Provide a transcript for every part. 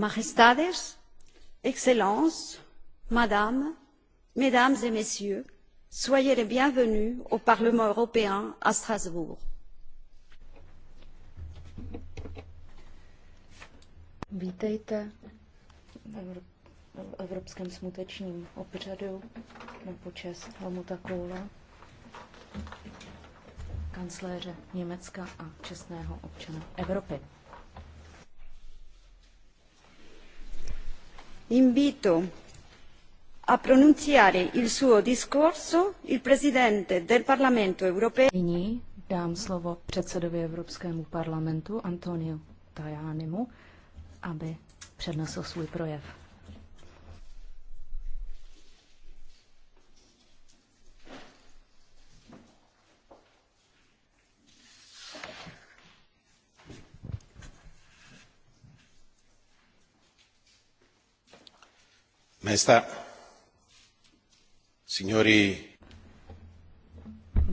Majestades, Excellences, Madame, Mesdames et Messieurs, soyez les bienvenus au Parlement européen à Strasbourg. Vítejte v Evropském smutečním obřadu na počest Helmuta Kohla, kancléře Německa a čestného občana Evropy. invito a pronunciare il suo discorso il Presidente del Parlamento europeo. Nyní dám slovo předsedovi Evropskému parlamentu Antoniu Tajanimu, aby přednesl svůj projev. Majestá, signori.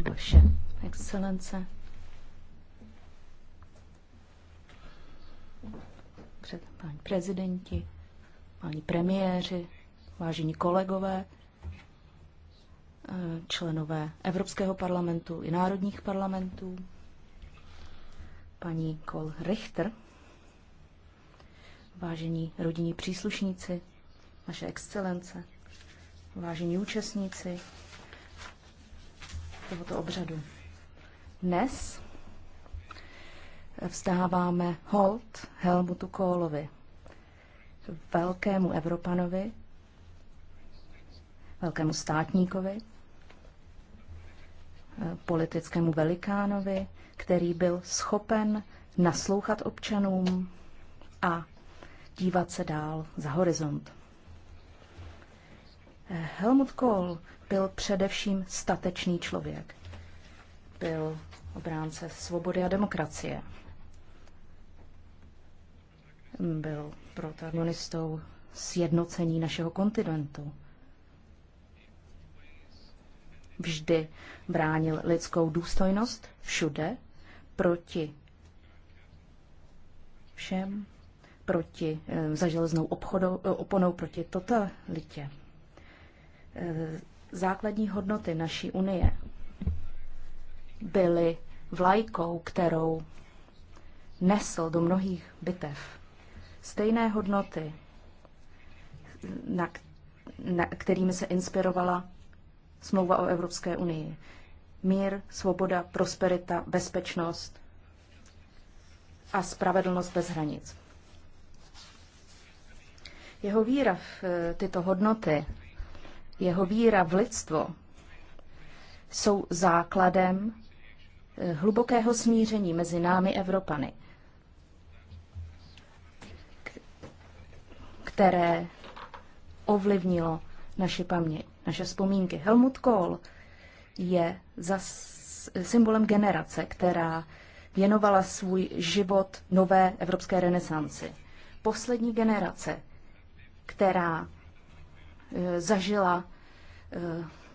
Vaše Před páni prezidenti, páni premiéři, vážení kolegové, eh, členové Evropského parlamentu i národních parlamentů, paní Kol Richter, vážení rodinní příslušníci, vaše excelence, vážení účastníci tohoto obřadu. Dnes vzdáváme hold Helmutu Kohlovi, velkému Evropanovi, velkému státníkovi, politickému velikánovi, který byl schopen naslouchat občanům a dívat se dál za horizont. Helmut Kohl byl především statečný člověk. Byl obránce svobody a demokracie. Byl protagonistou sjednocení našeho kontinentu. Vždy bránil lidskou důstojnost všude proti všem, proti eh, za železnou obchodou, eh, oponou proti totalitě. Eh, základní hodnoty naší unie byly vlajkou, kterou nesl do mnohých bitev. Stejné hodnoty, na, na, kterými se inspirovala smlouva o Evropské unii. Mír, svoboda, prosperita, bezpečnost a spravedlnost bez hranic. Jeho víra v eh, tyto hodnoty jeho víra v lidstvo jsou základem eh, hlubokého smíření mezi námi Evropany, které ovlivnilo naše paměť, naše vzpomínky. Helmut Kohl je zas symbolem generace, která věnovala svůj život nové evropské renesanci. Poslední generace, která Eh, zažila eh,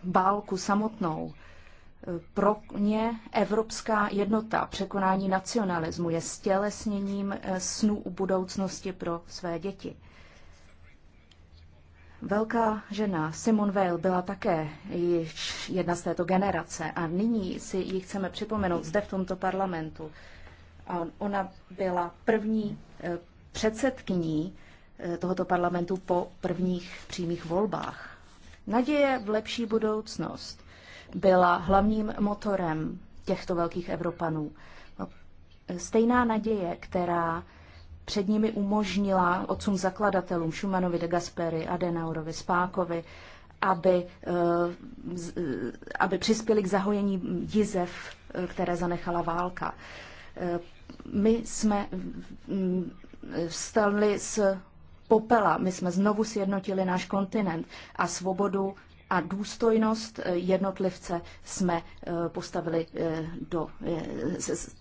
válku samotnou. Eh, pro ně evropská jednota, překonání nacionalismu je stělesněním snů u budoucnosti pro své děti. Velká žena Simone Weil byla také již jedna z této generace a nyní si ji chceme připomenout zde v tomto parlamentu. A ona byla první předsedkyní tohoto parlamentu po prvních přímých volbách. Naděje v lepší budoucnost byla hlavním motorem těchto velkých Evropanů. Stejná naděje, která před nimi umožnila otcům zakladatelům Schumannovi, de Gasperi, Adenaurovi, Spákovi, aby, aby přispěli k zahojení jizev, které zanechala válka. My jsme vstali s popela. My jsme znovu sjednotili náš kontinent a svobodu a důstojnost eh, jednotlivce jsme eh, postavili eh, do,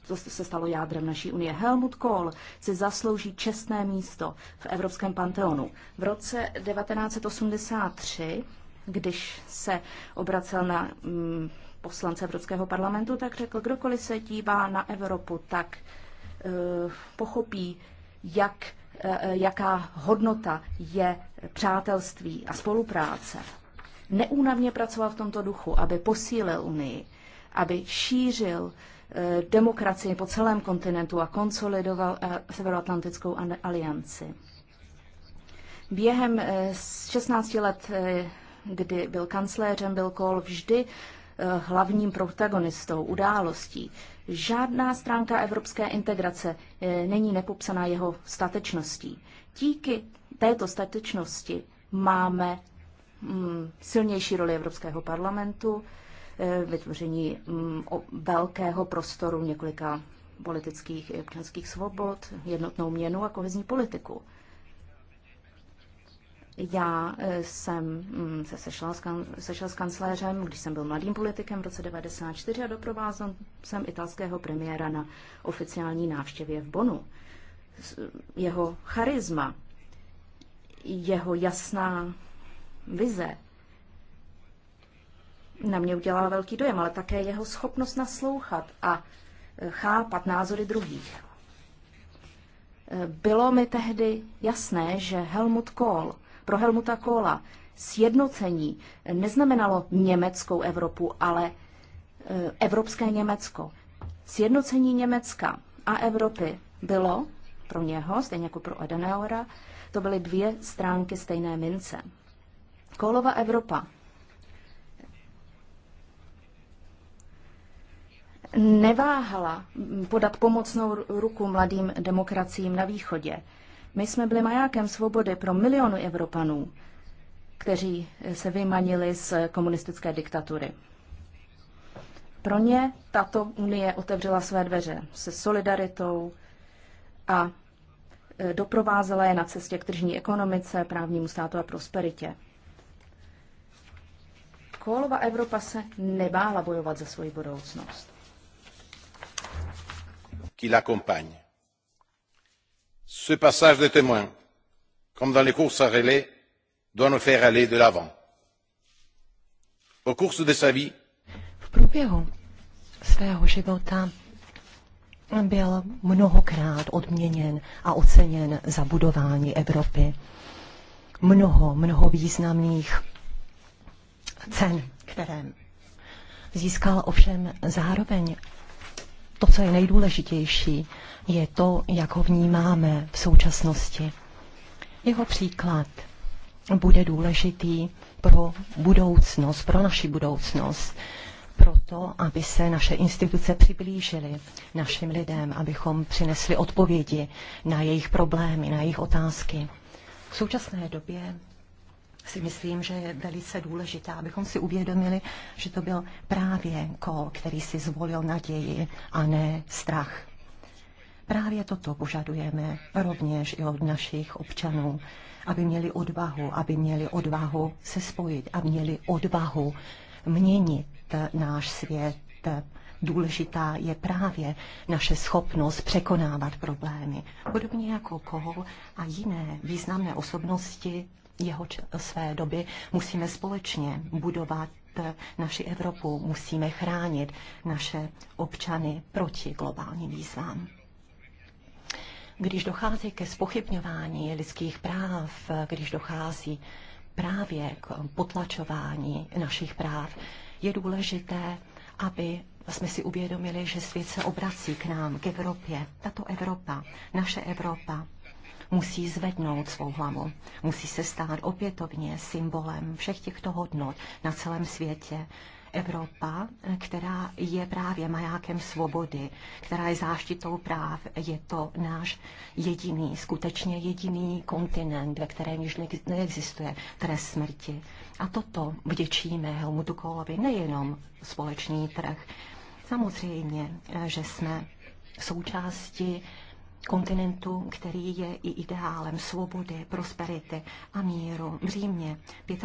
to se stalo jádrem naší unie. Helmut Kohl si zaslouží čestné místo v Evropském panteonu. V roce 1983, když se obracel na mm, poslance Evropského parlamentu, tak řekl, kdokoliv se dívá na Evropu, tak pochopí, jak Eh, jaká hodnota je přátelství a spolupráce. Neúnavně pracoval v tomto duchu, aby posílil Unii, aby šířil eh, demokracii po celém kontinentu a konsolidoval eh, Severoatlantickou alianci. Během 16 let, kdy byl kancléřem, byl Kohl vždy hlavním protagonistou událostí. Žádná stránka evropské integrace eh, není nepopsaná jeho statečností. Díky této statečnosti máme mm, silnější roli Evropského parlamentu, eh, vytvoření mm, velkého prostoru několika politických i občanských svobod, jednotnou měnu a kohezní politiku. Já eh, jsem mm, se sešla s, kan, sešla s kancléřem, když jsem byl mladým politikem v roce 1994 a doprovázel jsem italského premiéra na oficiální návštěvě v Bonu. Jeho charisma, jeho jasná vize na mě udělala velký dojem, ale také jeho schopnost naslouchat a eh, chápat názory druhých. Eh, bylo mi tehdy jasné, že Helmut Kohl pro Helmuta Kohla sjednocení neznamenalo německou Evropu, ale e, evropské Německo. Sjednocení Německa a Evropy bylo pro něho, stejně jako pro Adenauera, to byly dvě stránky stejné mince. Kohlova Evropa neváhala podat pomocnou ruku mladým demokraciím na východě. My jsme byli majákem svobody pro miliony Evropanů, kteří se vymanili z komunistické diktatury. Pro ně tato unie otevřela své dveře se solidaritou a e, doprovázela je na cestě k tržní ekonomice, právnímu státu a prosperitě. Kolová Evropa se nebála bojovat za svoji budoucnost. Qui l'accompagne ce passage de témoin comme dans les courses à relais doit nous faire aller de l'avant. Au cours de sa vie, průběhu svého života byl mnohokrát odměněn a oceněn za budování Evropy. Mnoho, mnoho významných cen, které získal ovšem zároveň to, co je nejdůležitější, je to, jak ho vnímáme v současnosti. Jeho příklad bude důležitý pro budoucnost, pro naši budoucnost, proto, aby se naše instituce přiblížily našim lidem, abychom přinesli odpovědi na jejich problémy, na jejich otázky. V současné době si myslím, že je velice důležité, abychom si uvědomili, že to byl právě kol, který si zvolil naději a ne strach. Právě toto požadujeme rovněž i od našich občanů, aby měli odvahu, aby měli odvahu se spojit a měli odvahu měnit náš svět. Důležitá je právě naše schopnost překonávat problémy. Podobně jako Kohl a jiné významné osobnosti jeho své doby musíme společně budovat eh, naši Evropu, musíme chránit naše občany proti globálním výzvám. Když dochází ke spochybňování lidských práv, eh, když dochází právě k potlačování našich práv, je důležité, aby jsme si uvědomili, že svět se obrací k nám, k Evropě. Tato Evropa, naše Evropa, musí zvednout svou hlavu. Musí se stát opětovně symbolem všech těchto hodnot na celém světě. Evropa, která je právě majákem svobody, která je záštitou práv, je to náš jediný, skutečně jediný kontinent, ve kterém již neexistuje trest smrti. A toto vděčíme Helmutu Kohlovi, nejenom společný trh. Samozřejmě, že jsme součástí kontinentu, který je i ideálem svobody, prosperity a míru. V Římě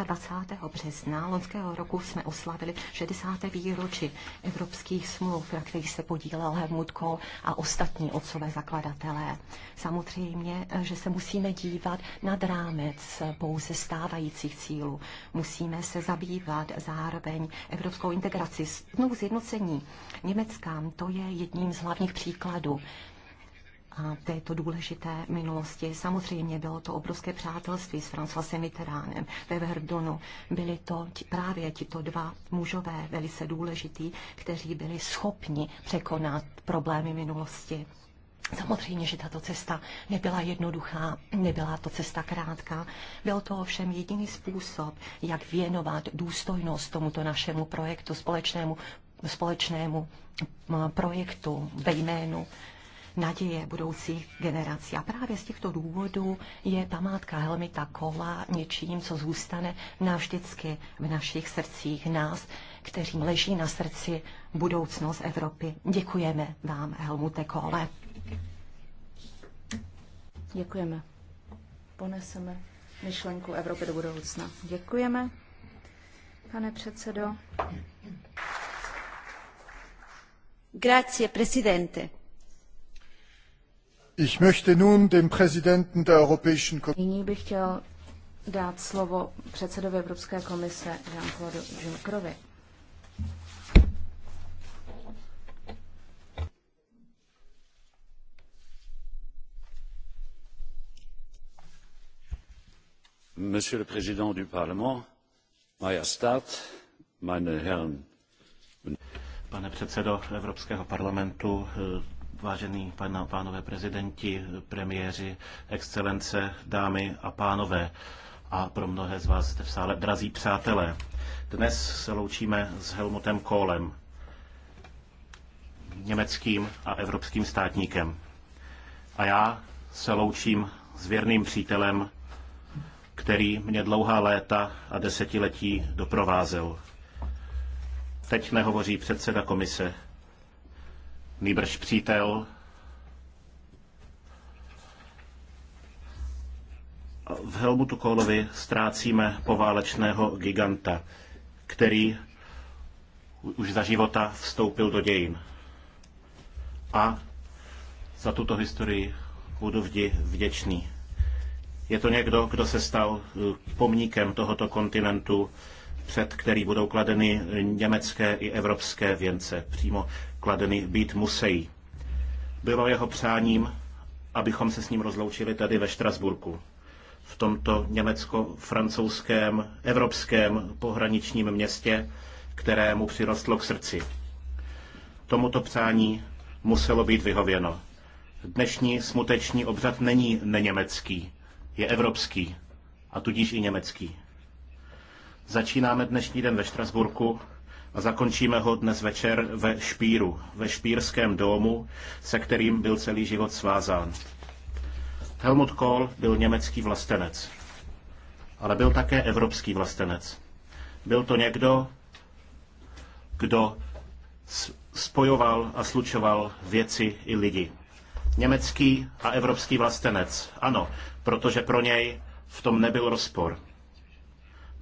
25. března loňského roku jsme oslavili 60. výročí evropských smluv, na kterých se podílel Helmut Kohl a ostatní otcové zakladatelé. Samozřejmě, že se musíme dívat nad rámec pouze stávajících cílů. Musíme se zabývat zároveň evropskou integraci. Znovu zjednocení Německám to je jedním z hlavních příkladů této důležité minulosti. Samozřejmě bylo to obrovské přátelství s Francoisem Mitteránem ve Verdonu. Byli to ti, právě tito dva mužové velice důležití, kteří byli schopni překonat problémy minulosti. Samozřejmě, že tato cesta nebyla jednoduchá, nebyla to cesta krátká. Byl to ovšem jediný způsob, jak věnovat důstojnost tomuto našemu projektu, společnému, společnému projektu ve jménu naděje budoucích generací. A právě z těchto důvodů je památka Helmita Kola něčím, co zůstane navždycky v našich srdcích nás, kteří leží na srdci budoucnost Evropy. Děkujeme vám, Helmute Kole. Děkujeme. Poneseme myšlenku Evropy do budoucna. Děkujeme, pane předsedo. Grazie, presidente. Ich möchte nun dem Präsidenten der Europäischen Kommission. Nyní bych chtěl dát slovo předsedovi Evropské komise Jean-Claude Junckerovi. Monsieur le Président du Parlement, Majestat, meine Herren. Pane předsedo Evropského parlamentu, Vážený pana, pánové prezidenti, premiéři, excelence, dámy a pánové a pro mnohé z vás jste v sále drazí přátelé. Dnes se loučíme s Helmutem Kohlem, německým a evropským státníkem. A já se loučím s věrným přítelem, který mě dlouhá léta a desetiletí doprovázel. Teď nehovoří předseda komise, nýbrž přítel. V Helmutu Kohlovi ztrácíme poválečného giganta, který už za života vstoupil do dějin. A za tuto historii budu vždy vděčný. Je to někdo, kdo se stal eh, pomníkem tohoto kontinentu, před který budou kladeny německé i evropské věnce. Přímo kladeny být musejí. Bylo jeho přáním, abychom se s ním rozloučili tady ve Štrasburku, v tomto německo-francouzském evropském pohraničním městě, které mu přirostlo k srdci. Tomuto přání muselo být vyhověno. Dnešní smuteční obřad není neněmecký, je evropský a tudíž i německý. Začínáme dnešní den ve Štrasburku a zakončíme ho dnes večer ve Špíru, ve Špírském domu, se kterým byl celý život svázán. Helmut Kohl byl německý vlastenec, ale byl také evropský vlastenec. Byl to někdo, kdo spojoval a slučoval věci i lidi. Německý a evropský vlastenec, ano, protože pro něj v tom nebyl rozpor.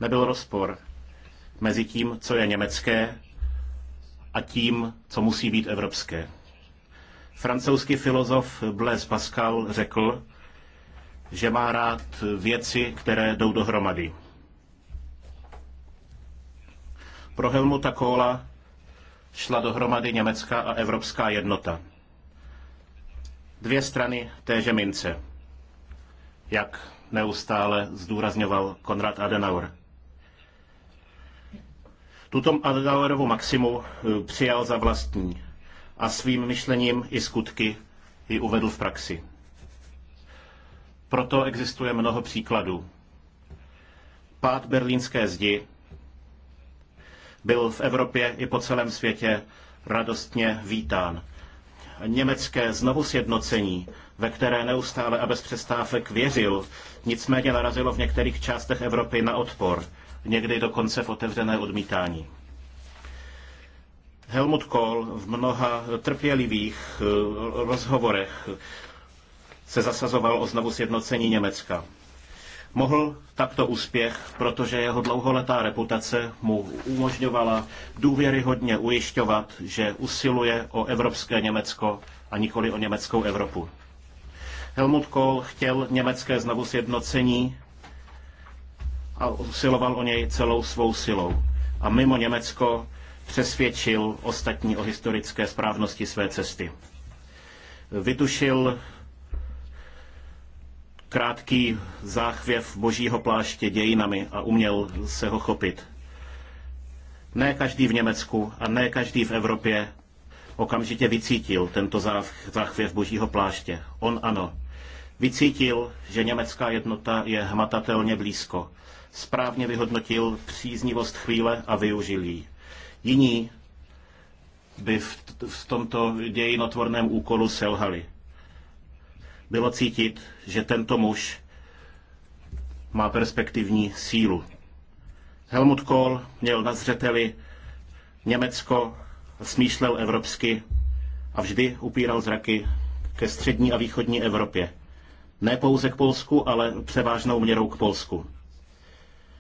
Nebyl rozpor mezi tím, co je německé a tím, co musí být evropské. Francouzský filozof Blaise Pascal řekl, že má rád věci, které jdou dohromady. Pro Helmuta Kohla šla dohromady německá a evropská jednota. Dvě strany téže mince, jak neustále zdůrazňoval Konrad Adenauer. Tuto Adenauerovu maximu eh, přijal za vlastní a svým myšlením i skutky ji uvedl v praxi. Proto existuje mnoho příkladů. Pád berlínské zdi byl v Evropě i po celém světě radostně vítán. Německé znovu sjednocení, ve které neustále a bez přestávek věřil, nicméně narazilo v některých částech Evropy na odpor někdy dokonce v otevřené odmítání. Helmut Kohl v mnoha trpělivých eh, rozhovorech se zasazoval o znovu sjednocení Německa. Mohl takto úspěch, protože jeho dlouholetá reputace mu umožňovala důvěryhodně ujišťovat, že usiluje o evropské Německo a nikoli o německou Evropu. Helmut Kohl chtěl německé znovu sjednocení a usiloval o něj celou svou silou. A mimo Německo přesvědčil ostatní o historické správnosti své cesty. Vytušil krátký záchvěv božího pláště dějinami a uměl se ho chopit. Ne každý v Německu a ne každý v Evropě okamžitě vycítil tento záchvěv božího pláště. On ano. Vycítil, že německá jednota je hmatatelně blízko správně vyhodnotil příznivost chvíle a využil ji. Jiní by v, v tomto dějinotvorném úkolu selhali. Bylo cítit, že tento muž má perspektivní sílu. Helmut Kohl měl na zřeteli Německo, smýšlel evropsky a vždy upíral zraky ke střední a východní Evropě. Ne pouze k Polsku, ale převážnou měrou k Polsku.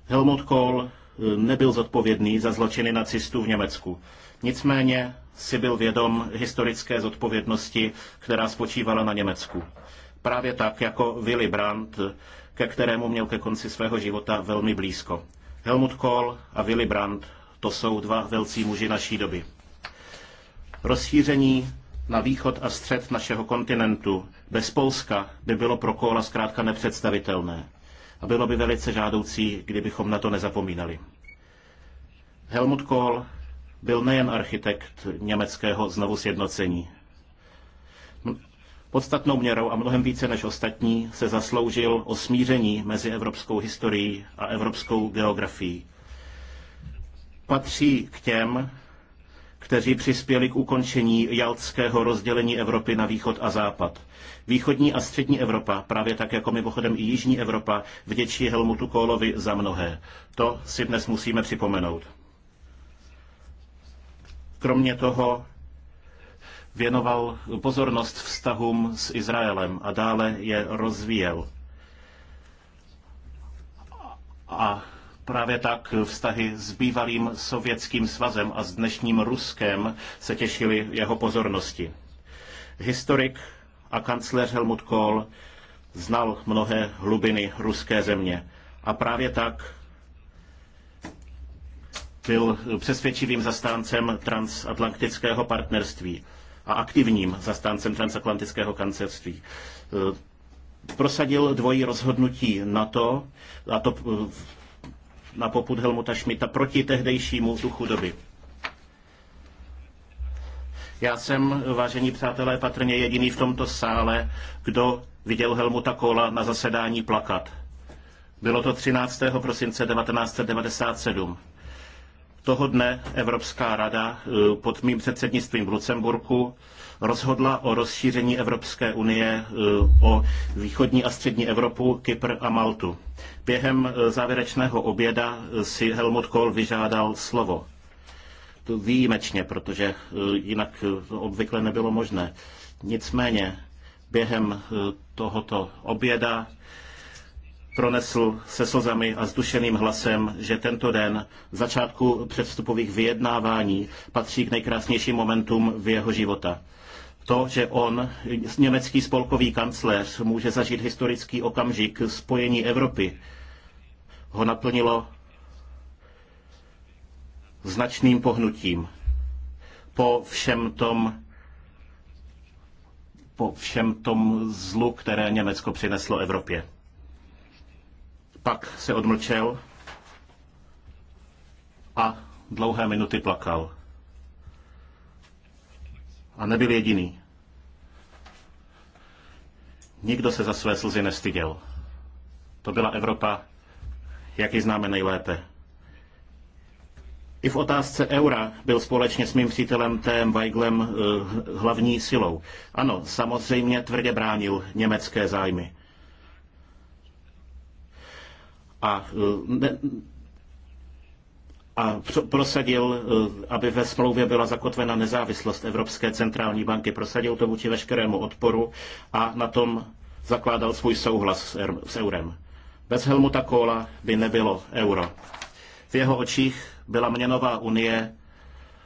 Helmut Kohl eh, nebyl zodpovědný za zločiny nacistů v Německu. Nicméně si byl vědom historické zodpovědnosti, která spočívala na Německu. Právě tak jako Willy Brandt, ke kterému měl ke konci svého života velmi blízko. Helmut Kohl a Willy Brandt to jsou dva velcí muži naší doby. Rozšíření na východ a střed našeho kontinentu bez Polska by bylo pro Kohla zkrátka nepředstavitelné. A bylo by velice žádoucí, kdybychom na to nezapomínali. Helmut Kohl byl nejen architekt německého znovu sjednocení. Podstatnou měrou a mnohem více než ostatní se zasloužil o smíření mezi evropskou historií a evropskou geografií. Patří k těm, kteří přispěli k ukončení jaltského rozdělení Evropy na východ a západ. Východní a střední Evropa, právě tak jako mimochodem i jižní Evropa, vděčí Helmutu Kólovi za mnohé. To si dnes musíme připomenout. Kromě toho věnoval pozornost vztahům s Izraelem a dále je rozvíjel. A Právě tak vztahy s bývalým sovětským svazem a s dnešním Ruskem se těšily jeho pozornosti. Historik a kancléř Helmut Kohl znal mnohé hlubiny ruské země a právě tak byl přesvědčivým zastáncem transatlantického partnerství a aktivním zastáncem transatlantického kancelství. E, prosadil dvojí rozhodnutí NATO, a to na poput Helmuta Schmidta proti tehdejšímu duchu doby. Já jsem, vážení přátelé, patrně jediný v tomto sále, kdo viděl Helmuta Kola na zasedání plakat. Bylo to 13. prosince 1997. Toho dne Evropská rada eh, pod mým předsednictvím v Lucemburku rozhodla o rozšíření Evropské unie e, o východní a střední Evropu, Kypr a Maltu. Během e, závěrečného oběda e, si Helmut Kohl vyžádal slovo. To výjimečně, protože jinak to obvykle nebylo možné. Nicméně během tohoto oběda pronesl se slzami a zdušeným hlasem, že tento den začátku předstupových vyjednávání patří k nejkrásnějším momentům v jeho života to, že on, německý spolkový kancléř, může zažít historický okamžik spojení Evropy, ho naplnilo značným pohnutím. Po všem tom, po všem tom zlu, které Německo přineslo Evropě. Pak se odmlčel a dlouhé minuty plakal. A nebyl jediný. Nikdo se za své slzy nestyděl. To byla Evropa, jak ji známe nejlépe. I v otázce eura byl společně s mým přítelem T.M. Weiglem eh, hlavní silou. Ano, samozřejmě tvrdě bránil německé zájmy. A eh, a prosadil, eh, aby ve smlouvě byla zakotvena nezávislost Evropské centrální banky. Prosadil to vůči veškerému odporu a na tom zakládal svůj souhlas s eurem. Bez Helmuta Kohla by nebylo euro. V jeho očích byla měnová unie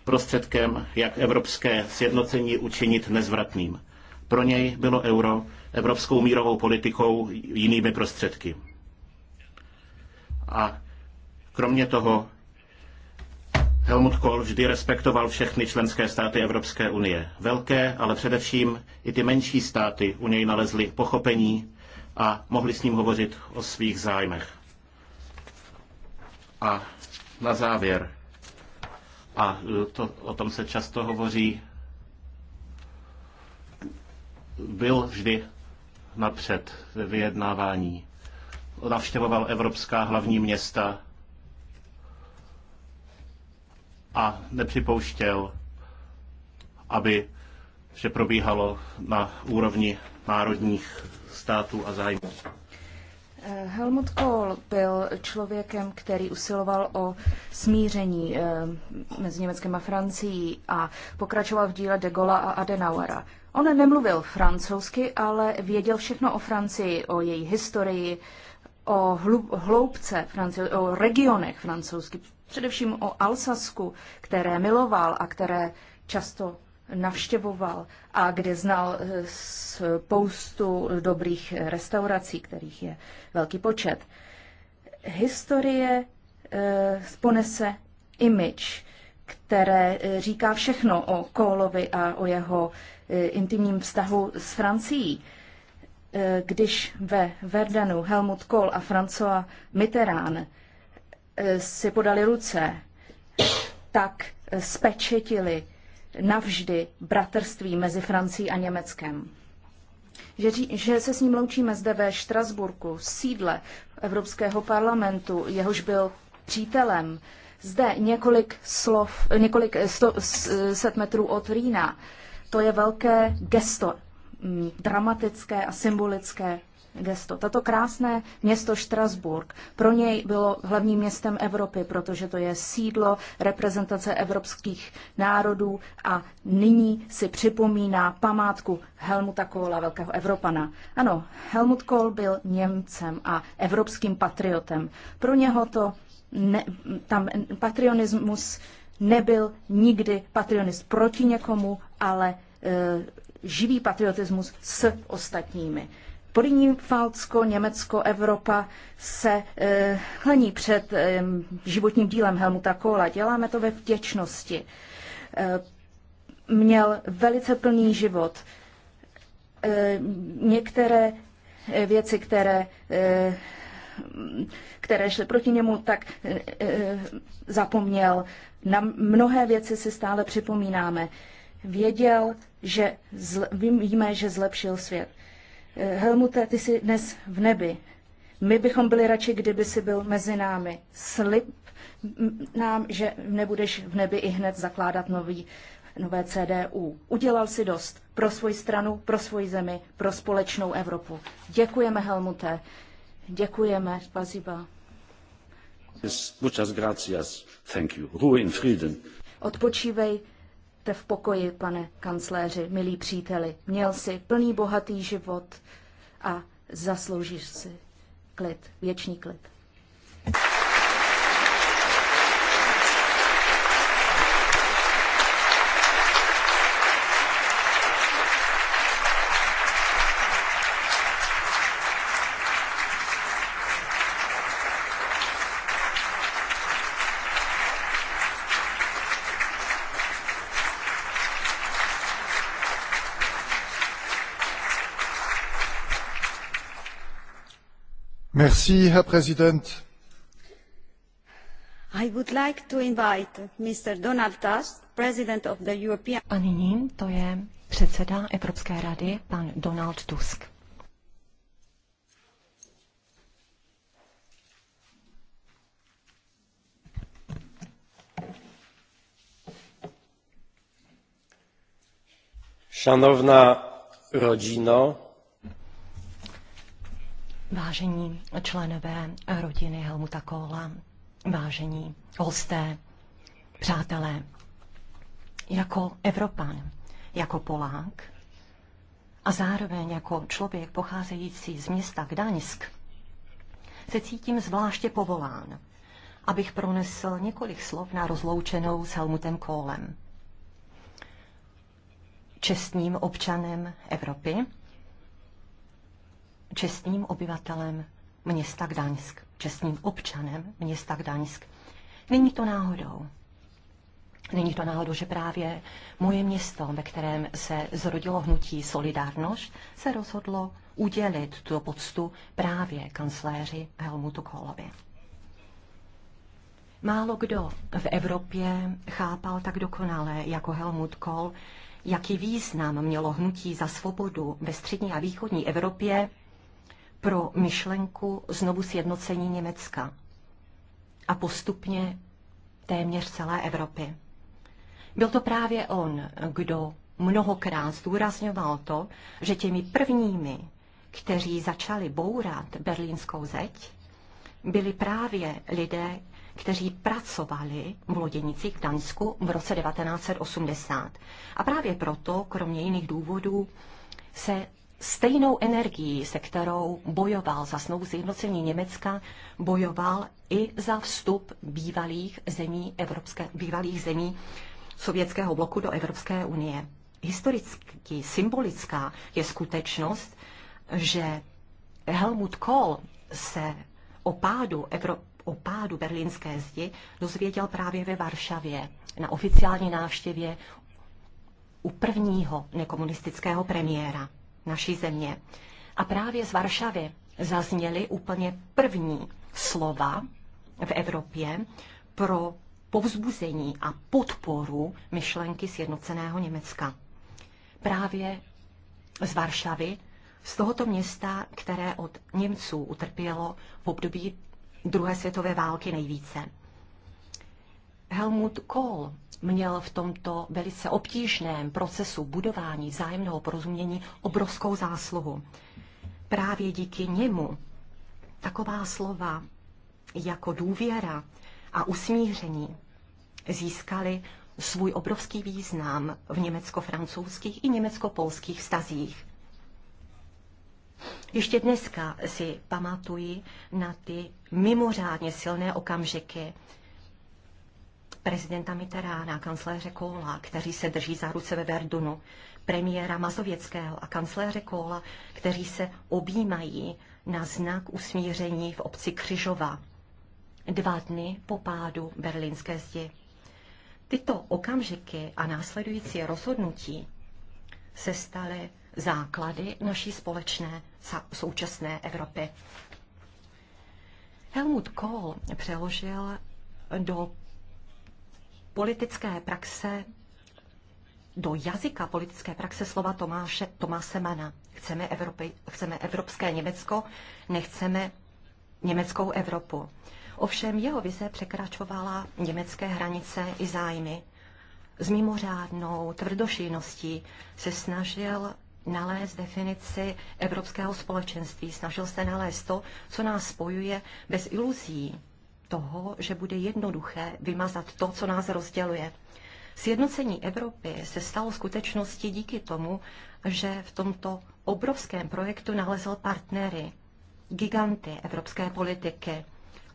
prostředkem, jak evropské sjednocení učinit nezvratným. Pro něj bylo euro evropskou mírovou politikou jinými prostředky. A kromě toho Helmut Kohl vždy respektoval všechny členské státy Evropské unie. Velké, ale především i ty menší státy u něj nalezly pochopení a mohli s ním hovořit o svých zájmech. A na závěr, a e, to, o tom se často hovoří, byl vždy napřed ve vyjednávání. Navštěvoval evropská hlavní města, a nepřipouštěl, aby vše probíhalo na úrovni národních států a zájmů. Eh, Helmut Kohl byl člověkem, který usiloval o smíření eh, mezi Německem a Francií a pokračoval v díle de Gaulle a Adenauera. On nemluvil francouzsky, ale věděl všechno o Francii, o její historii, o hloubce o regionech francouzsky, především o Alsasku, které miloval a které často navštěvoval a kde znal eh, spoustu dobrých restaurací, kterých je velký počet. Historie eh, ponese image, které eh, říká všechno o Kólovi a o jeho intimním vztahu s Francií. Když ve Verdenu Helmut Kohl a François Mitterrand si podali ruce, tak spečetili navždy bratrství mezi Francií a Německem. Že, že se s ním loučíme zde ve Štrasburku, sídle Evropského parlamentu, jehož byl přítelem, zde několik, slov, několik sto, set metrů od Rýna. To je velké gesto, mm, dramatické a symbolické gesto. Tato krásné město Štrasburg pro něj bylo hlavním městem Evropy, protože to je sídlo reprezentace evropských národů a nyní si připomíná památku Helmuta Kohla, velkého Evropana. Ano, Helmut Kohl byl Němcem a evropským patriotem. Pro něho to ne, tam patrionismus nebyl nikdy patrionist proti někomu, ale e, živý patriotismus s ostatními. Podní Falcko, Německo, Evropa se eh, hlení před eh, životním dílem Helmuta Kohla. Děláme to ve vděčnosti. Eh, měl velice plný život. Eh, některé eh, věci, které, eh, které šly proti němu, tak eh, zapomněl. Na mnohé věci si stále připomínáme. Věděl, že zle, víme, že zlepšil svět. Eh, Helmute, ty jsi dnes v nebi. My bychom byli radši, kdyby si byl mezi námi. Slib nám, že nebudeš v nebi i hned zakládat nový, nové CDU. Udělal si dost pro svoji stranu, pro svoji zemi, pro společnou Evropu. Děkujeme, Helmute. Děkujeme, spasiba. Muchas gracias. Thank you. Ruhe in Frieden. Odpočívej jste v pokoji, pane kancléři, milí příteli. Měl si plný bohatý život a zasloužíš si klid, věčný klid. Merci, Herr Präsident. I would like to invite Mr. Donald Tusk, President of the European... A nyní to je předseda Evropské rady, pan Donald Tusk. Szanowna rodzino, Vážení členové rodiny Helmuta Kohla, vážení hosté, přátelé, jako Evropan, jako Polák a zároveň jako člověk pocházející z města Gdaňsk, se cítím zvláště povolán, abych pronesl několik slov na rozloučenou s Helmutem Kohlem. Čestným občanem Evropy, čestným obyvatelem města Gdaňsk, čestným občanem města Gdaňsk. Není to náhodou. Není to náhodou, že právě moje město, ve kterém se zrodilo hnutí Solidárnost, se rozhodlo udělit tu poctu právě kancléři Helmutu Kohlovi. Málo kdo v Evropě chápal tak dokonale jako Helmut Kohl, jaký význam mělo hnutí za svobodu ve střední a východní Evropě pro myšlenku znovu sjednocení Německa a postupně téměř celé Evropy. Byl to právě on, kdo mnohokrát zdůrazňoval to, že těmi prvními, kteří začali bourat berlínskou zeď, byli právě lidé, kteří pracovali v loděnicích v Dansku v roce 1980. A právě proto, kromě jiných důvodů, se stejnou energií, se kterou bojoval za snou zjednocení Německa, bojoval i za vstup bývalých zemí, Evropské, bývalých zemí sovětského bloku do Evropské unie. Historicky symbolická je skutečnost, že Helmut Kohl se o pádu, Evro, o pádu berlínské zdi dozvěděl právě ve Varšavě na oficiální návštěvě u prvního nekomunistického premiéra naší země. A právě z Varšavy zazněly úplně první slova v Evropě pro povzbuzení a podporu myšlenky sjednoceného Německa. Právě z Varšavy, z tohoto města, které od Němců utrpělo v období druhé světové války nejvíce. Helmut Kohl měl v tomto velice obtížném procesu budování vzájemného porozumění obrovskou zásluhu. Právě díky němu taková slova jako důvěra a usmíření získaly svůj obrovský význam v německo-francouzských i německo-polských stazích. Ještě dneska si pamatuji na ty mimořádně silné okamžiky, prezidenta Mitterána, kancléře Kóla, kteří se drží za ruce ve Verdunu, premiéra Mazověckého a kancléře Kóla, kteří se objímají na znak usmíření v obci Křižova dva dny po pádu berlínské zdi. Tyto okamžiky a následující rozhodnutí se staly základy naší společné současné Evropy. Helmut Kohl přeložil do politické praxe do jazyka politické praxe slova Tomáše, Tomáse Mana. Chceme, Evropy, chceme evropské Německo, nechceme německou Evropu. Ovšem jeho vize překračovala německé hranice i zájmy. S mimořádnou tvrdošíností se snažil nalézt definici evropského společenství, snažil se nalézt to, co nás spojuje bez iluzí, toho, že bude jednoduché vymazat to, co nás rozděluje. Sjednocení Evropy se stalo skutečností díky tomu, že v tomto obrovském projektu nalezl partnery, giganty evropské politiky,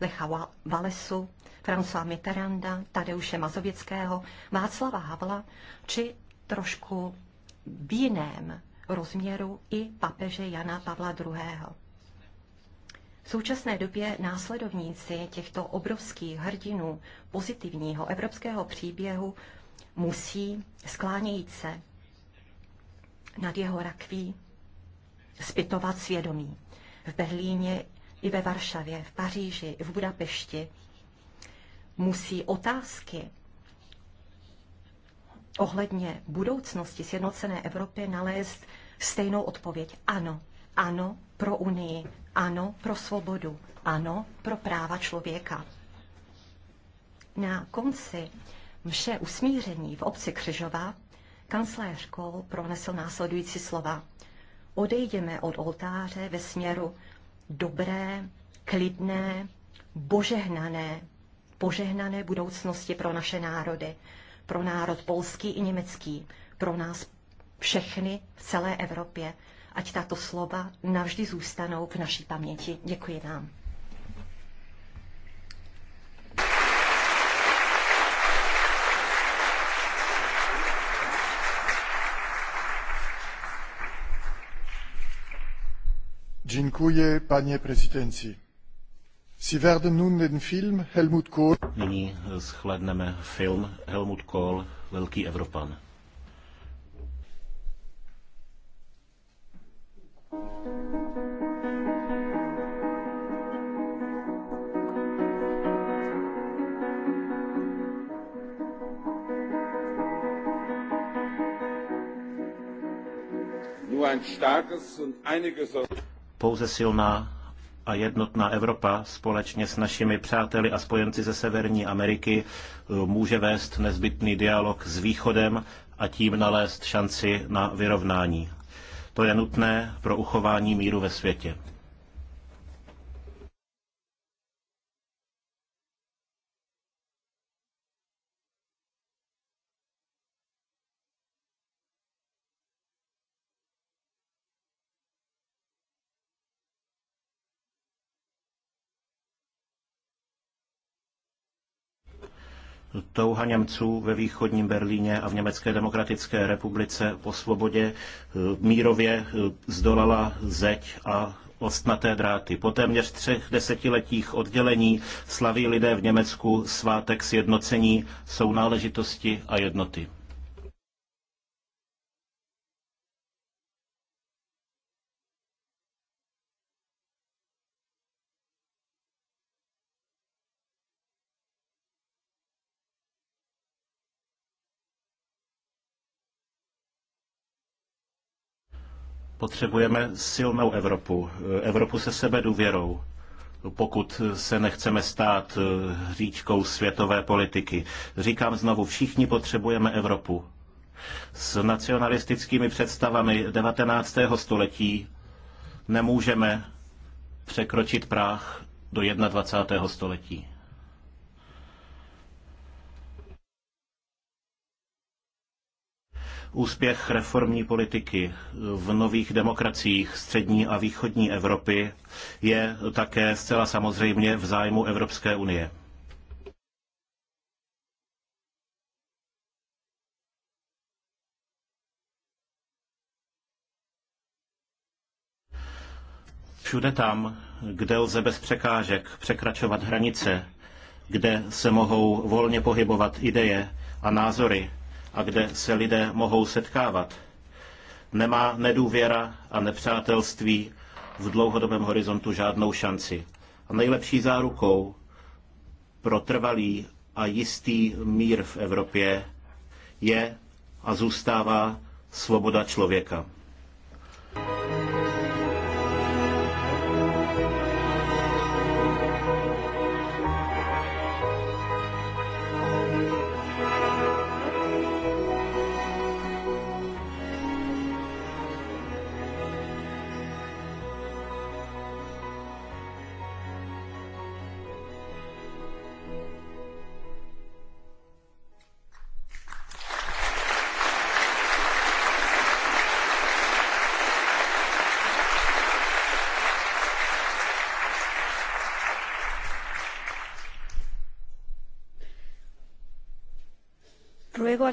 Lecha Valesu, François Mitterranda, Tadeuše Mazověckého, Václava Havla, či trošku v jiném rozměru i papeže Jana Pavla II. V současné době následovníci těchto obrovských hrdinů pozitivního evropského příběhu musí sklánějíc se nad jeho rakví zpytovat svědomí. V Berlíně i ve Varšavě, v Paříži, v Budapešti musí otázky ohledně budoucnosti sjednocené Evropy nalézt stejnou odpověď. Ano, ano, pro Unii, ano pro svobodu, ano pro práva člověka. Na konci mše usmíření v obci Křižova kancléř Kohl pronesl následující slova. odejdeme od oltáře ve směru dobré, klidné, božehnané, požehnané budoucnosti pro naše národy, pro národ polský i německý, pro nás všechny v celé Evropě, ať tato slova navždy zůstanou v naší paměti. Děkuji vám. Děkuji, paní prezidenci. Si werden nun den Film Helmut Kohl. Nyní schledneme film Helmut Kohl, Velký Evropan. Pouze silná a jednotná Evropa společně s našimi přáteli a spojenci ze Severní Ameriky eh, může vést nezbytný dialog s Východem a tím nalézt šanci na vyrovnání. To je nutné pro uchování míru ve světě. touha Němců ve východním Berlíně a v Německé demokratické republice po svobodě eh, mírově eh, zdolala zeď a ostnaté dráty. Po téměř třech desetiletích oddělení slaví lidé v Německu svátek sjednocení, sounáležitosti a jednoty. Potřebujeme silnou Evropu, Evropu se sebe důvěrou, pokud se nechceme stát hříčkou eh, světové politiky. Říkám znovu, všichni potřebujeme Evropu. S nacionalistickými představami 19. století nemůžeme překročit práh do 21. století. Úspěch reformní politiky v nových demokraciích střední a východní Evropy je také zcela samozřejmě v zájmu Evropské unie. Všude tam, kde lze bez překážek překračovat hranice, kde se mohou volně pohybovat ideje a názory, a kde se lidé mohou setkávat. Nemá nedůvěra a nepřátelství v dlouhodobém horizontu žádnou šanci. A nejlepší zárukou pro trvalý a jistý mír v Evropě je a zůstává svoboda člověka.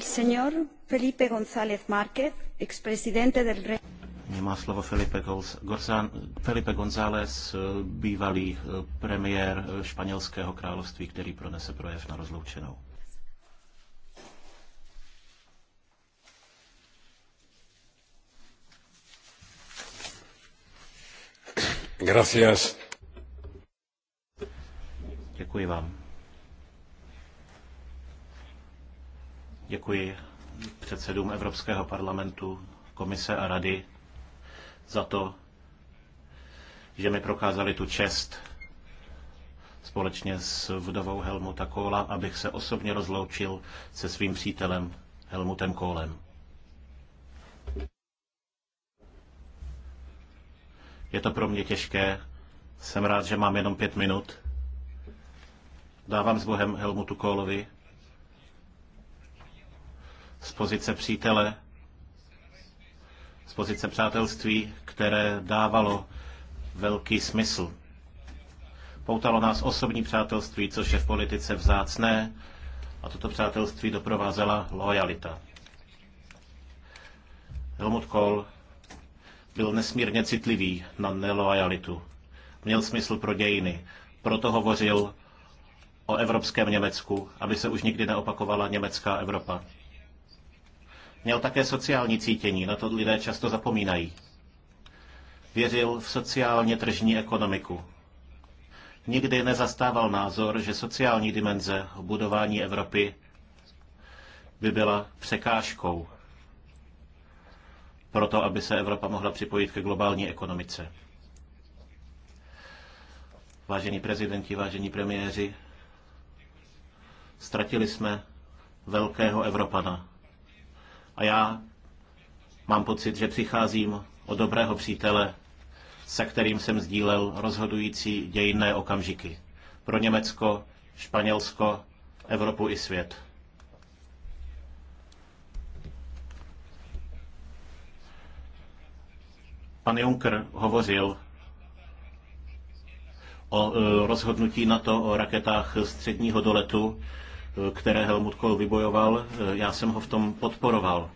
al señor Felipe González Márquez, expresidente del Rey. Má slovo Felipe, Gorzán, Felipe González, bývalý eh, premiér eh, španělského království, který pronese projev na rozloučenou. Gracias. Děkuji vám. Děkuji předsedům Evropského parlamentu, komise a rady za to, že mi prokázali tu čest společně s vdovou Helmuta Kóla, abych se osobně rozloučil se svým přítelem Helmutem Kolem. Je to pro mě těžké. Jsem rád, že mám jenom pět minut. Dávám s Bohem Helmutu Kohlovi z pozice přítele, z pozice přátelství, které dávalo velký smysl. Poutalo nás osobní přátelství, což je v politice vzácné, a toto přátelství doprovázela lojalita. Helmut Kohl byl nesmírně citlivý na nelojalitu. Měl smysl pro dějiny. Proto hovořil o evropském Německu, aby se už nikdy neopakovala německá Evropa. Měl také sociální cítění, na to lidé často zapomínají. Věřil v sociálně tržní ekonomiku. Nikdy nezastával názor, že sociální dimenze budování Evropy by byla překážkou pro to, aby se Evropa mohla připojit ke globální ekonomice. Vážení prezidenti, vážení premiéři, ztratili jsme velkého Evropana a já mám pocit, že přicházím o dobrého přítele, se kterým jsem sdílel rozhodující dějinné okamžiky pro Německo, Španělsko, Evropu i svět. Pan Juncker hovořil o e, rozhodnutí na to o raketách středního doletu, které Helmut Kohl vybojoval. Eh, já jsem ho v tom podporoval.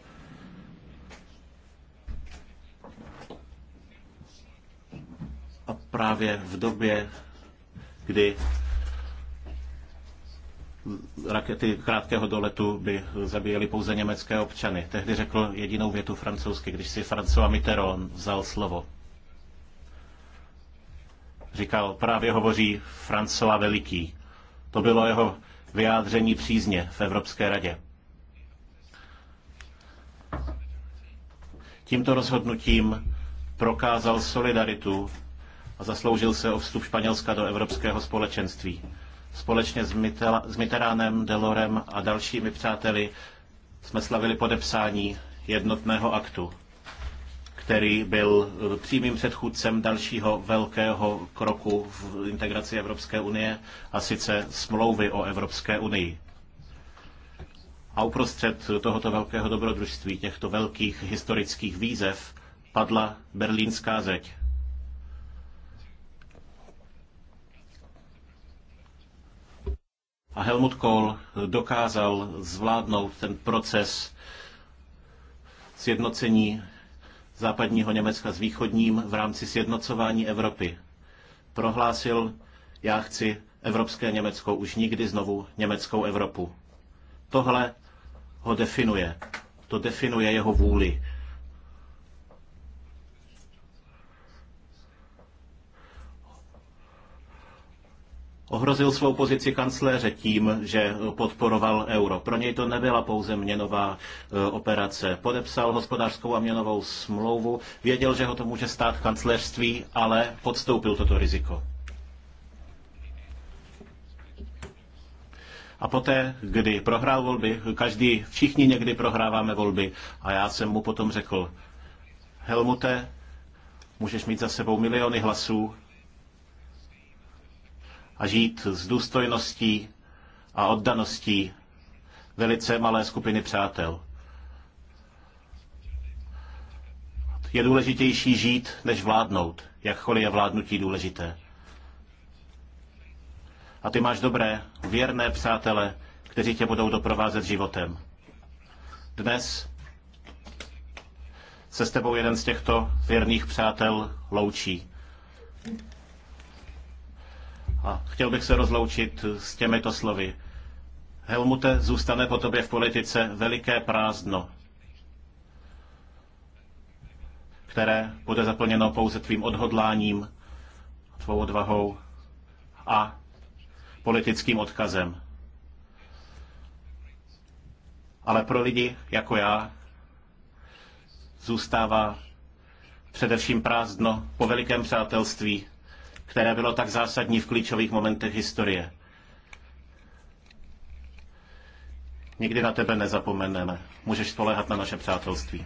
A právě v době, kdy rakety krátkého doletu by zabíjely pouze německé občany. Tehdy řekl jedinou větu francouzsky, když si François Mitterrand vzal slovo. Říkal, právě hovoří François Veliký. To bylo jeho vyjádření přízně v Evropské radě. Tímto rozhodnutím prokázal solidaritu a zasloužil se o vstup Španělska do Evropského společenství. Společně s Mitteránem, Delorem a dalšími přáteli jsme slavili podepsání jednotného aktu který byl eh, přímým předchůdcem dalšího velkého kroku v integraci Evropské unie, a sice smlouvy o Evropské unii. A uprostřed tohoto velkého dobrodružství, těchto velkých historických výzev, padla berlínská zeď. A Helmut Kohl dokázal zvládnout ten proces sjednocení západního Německa s východním v rámci sjednocování Evropy. Prohlásil, já chci evropské Německo, už nikdy znovu německou Evropu. Tohle ho definuje. To definuje jeho vůli. Ohrozil svou pozici kancléře tím, že podporoval euro. Pro něj to nebyla pouze měnová e, operace. Podepsal hospodářskou a měnovou smlouvu, věděl, že ho to může stát kancléřství, ale podstoupil toto riziko. A poté, kdy prohrál volby, každý, všichni někdy prohráváme volby, a já jsem mu potom řekl, Helmute, můžeš mít za sebou miliony hlasů, a žít s důstojností a oddaností velice malé skupiny přátel. Je důležitější žít, než vládnout, jakkoliv je vládnutí důležité. A ty máš dobré, věrné přátele, kteří tě budou doprovázet životem. Dnes se s tebou jeden z těchto věrných přátel loučí. A chtěl bych se rozloučit s těmito slovy. Helmute, zůstane po tobě v politice veliké prázdno, které bude zaplněno pouze tvým odhodláním, tvou odvahou a politickým odkazem. Ale pro lidi jako já zůstává především prázdno po velikém přátelství které bylo tak zásadní v klíčových momentech historie. Nikdy na tebe nezapomeneme. Můžeš spolehat na naše přátelství.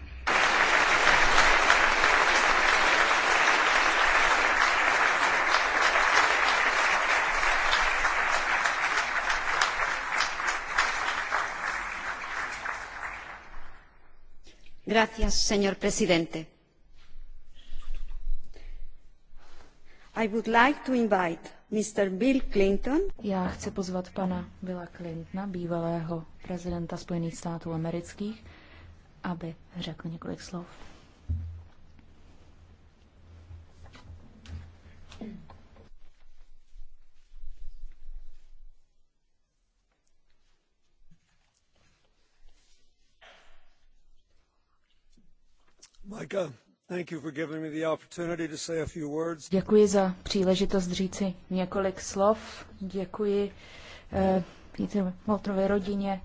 Gracias, señor presidente. I would like to invite Mr. Bill Clinton. Já chci pozvat pana Billa Clintona, bývalého prezidenta Spojených států amerických, aby řekl několik slov. Michael, Děkuji za příležitost říci několik slov. Děkuji eh, Peter rodině,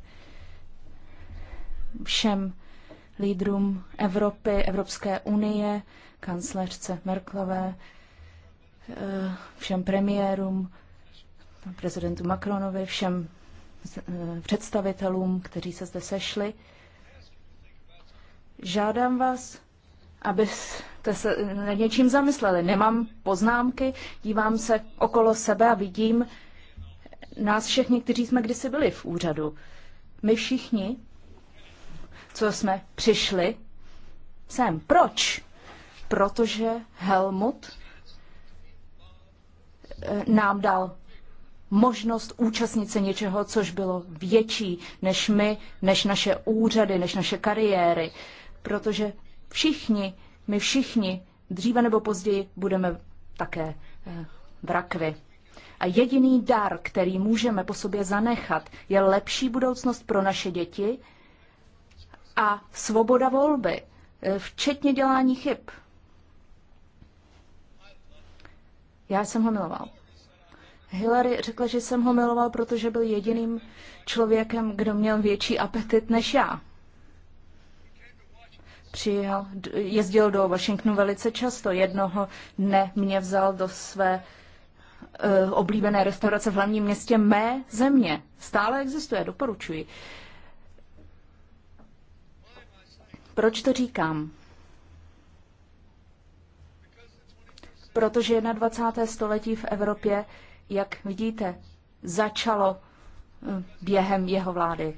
všem lídrům Evropy, Evropské unie, kancléřce Merklové, eh, všem premiérům, prezidentu Macronovi, všem eh, představitelům, kteří se zde sešli. Žádám vás, abyste se nad něčím zamysleli. Nemám poznámky, dívám se okolo sebe a vidím nás všechny, kteří jsme kdysi byli v úřadu. My všichni, co jsme přišli sem. Proč? Protože Helmut eh, nám dal možnost účastnit se něčeho, což bylo větší než my, než naše úřady, než naše kariéry, protože všichni, my všichni, dříve nebo později, budeme také eh, v rakvi. A jediný dar, který můžeme po sobě zanechat, je lepší budoucnost pro naše děti a svoboda volby, eh, včetně dělání chyb. Já jsem ho miloval. Hillary řekla, že jsem ho miloval, protože byl jediným člověkem, kdo měl větší apetit než já přijel, jezdil do Washingtonu velice často. Jednoho dne mě vzal do své uh, oblíbené restaurace v hlavním městě mé země. Stále existuje, doporučuji. Proč to říkám? Protože 21. století v Evropě, jak vidíte, začalo eh, během jeho vlády. Uh,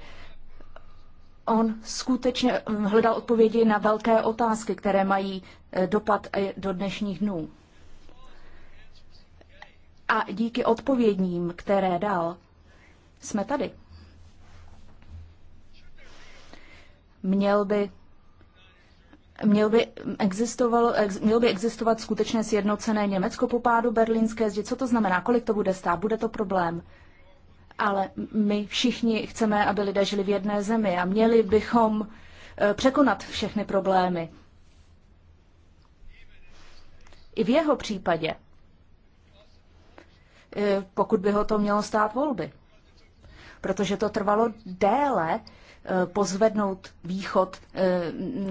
on skutečně mm, hledal odpovědi na velké otázky, které mají eh, dopad eh, do dnešních dnů. A díky odpovědním, které dal, jsme tady. Měl by, měl by, existoval, ex, měl by existovat skutečně sjednocené Německo po pádu berlínské zdi. Co to znamená? Kolik to bude stát? Bude to problém? ale my všichni chceme, aby lidé žili v jedné zemi a měli bychom eh, překonat všechny problémy. I v jeho případě, eh, pokud by ho to mělo stát volby. Protože to trvalo déle eh, pozvednout východ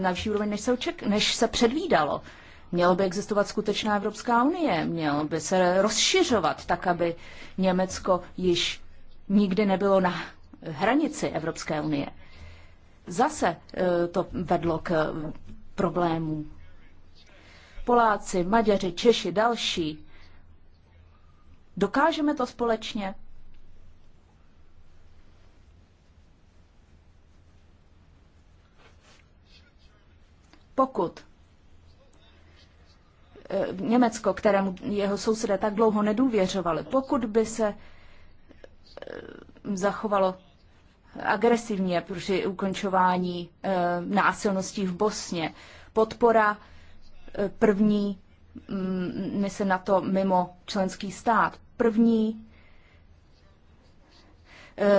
na vyšší úroveň, než se, oček, než se předvídalo. Měla by existovat skutečná Evropská unie, měla by se rozšiřovat tak, aby Německo již nikdy nebylo na hranici Evropské unie. Zase eh, to vedlo k eh, problémům. Poláci, Maďaři, Češi, další. Dokážeme to společně? Pokud eh, Německo, kterému jeho sousedé tak dlouho nedůvěřovali, pokud by se Eh, zachovalo agresivně při ukončování eh, násilností v Bosně. Podpora eh, první mm, mise to mimo členský stát. První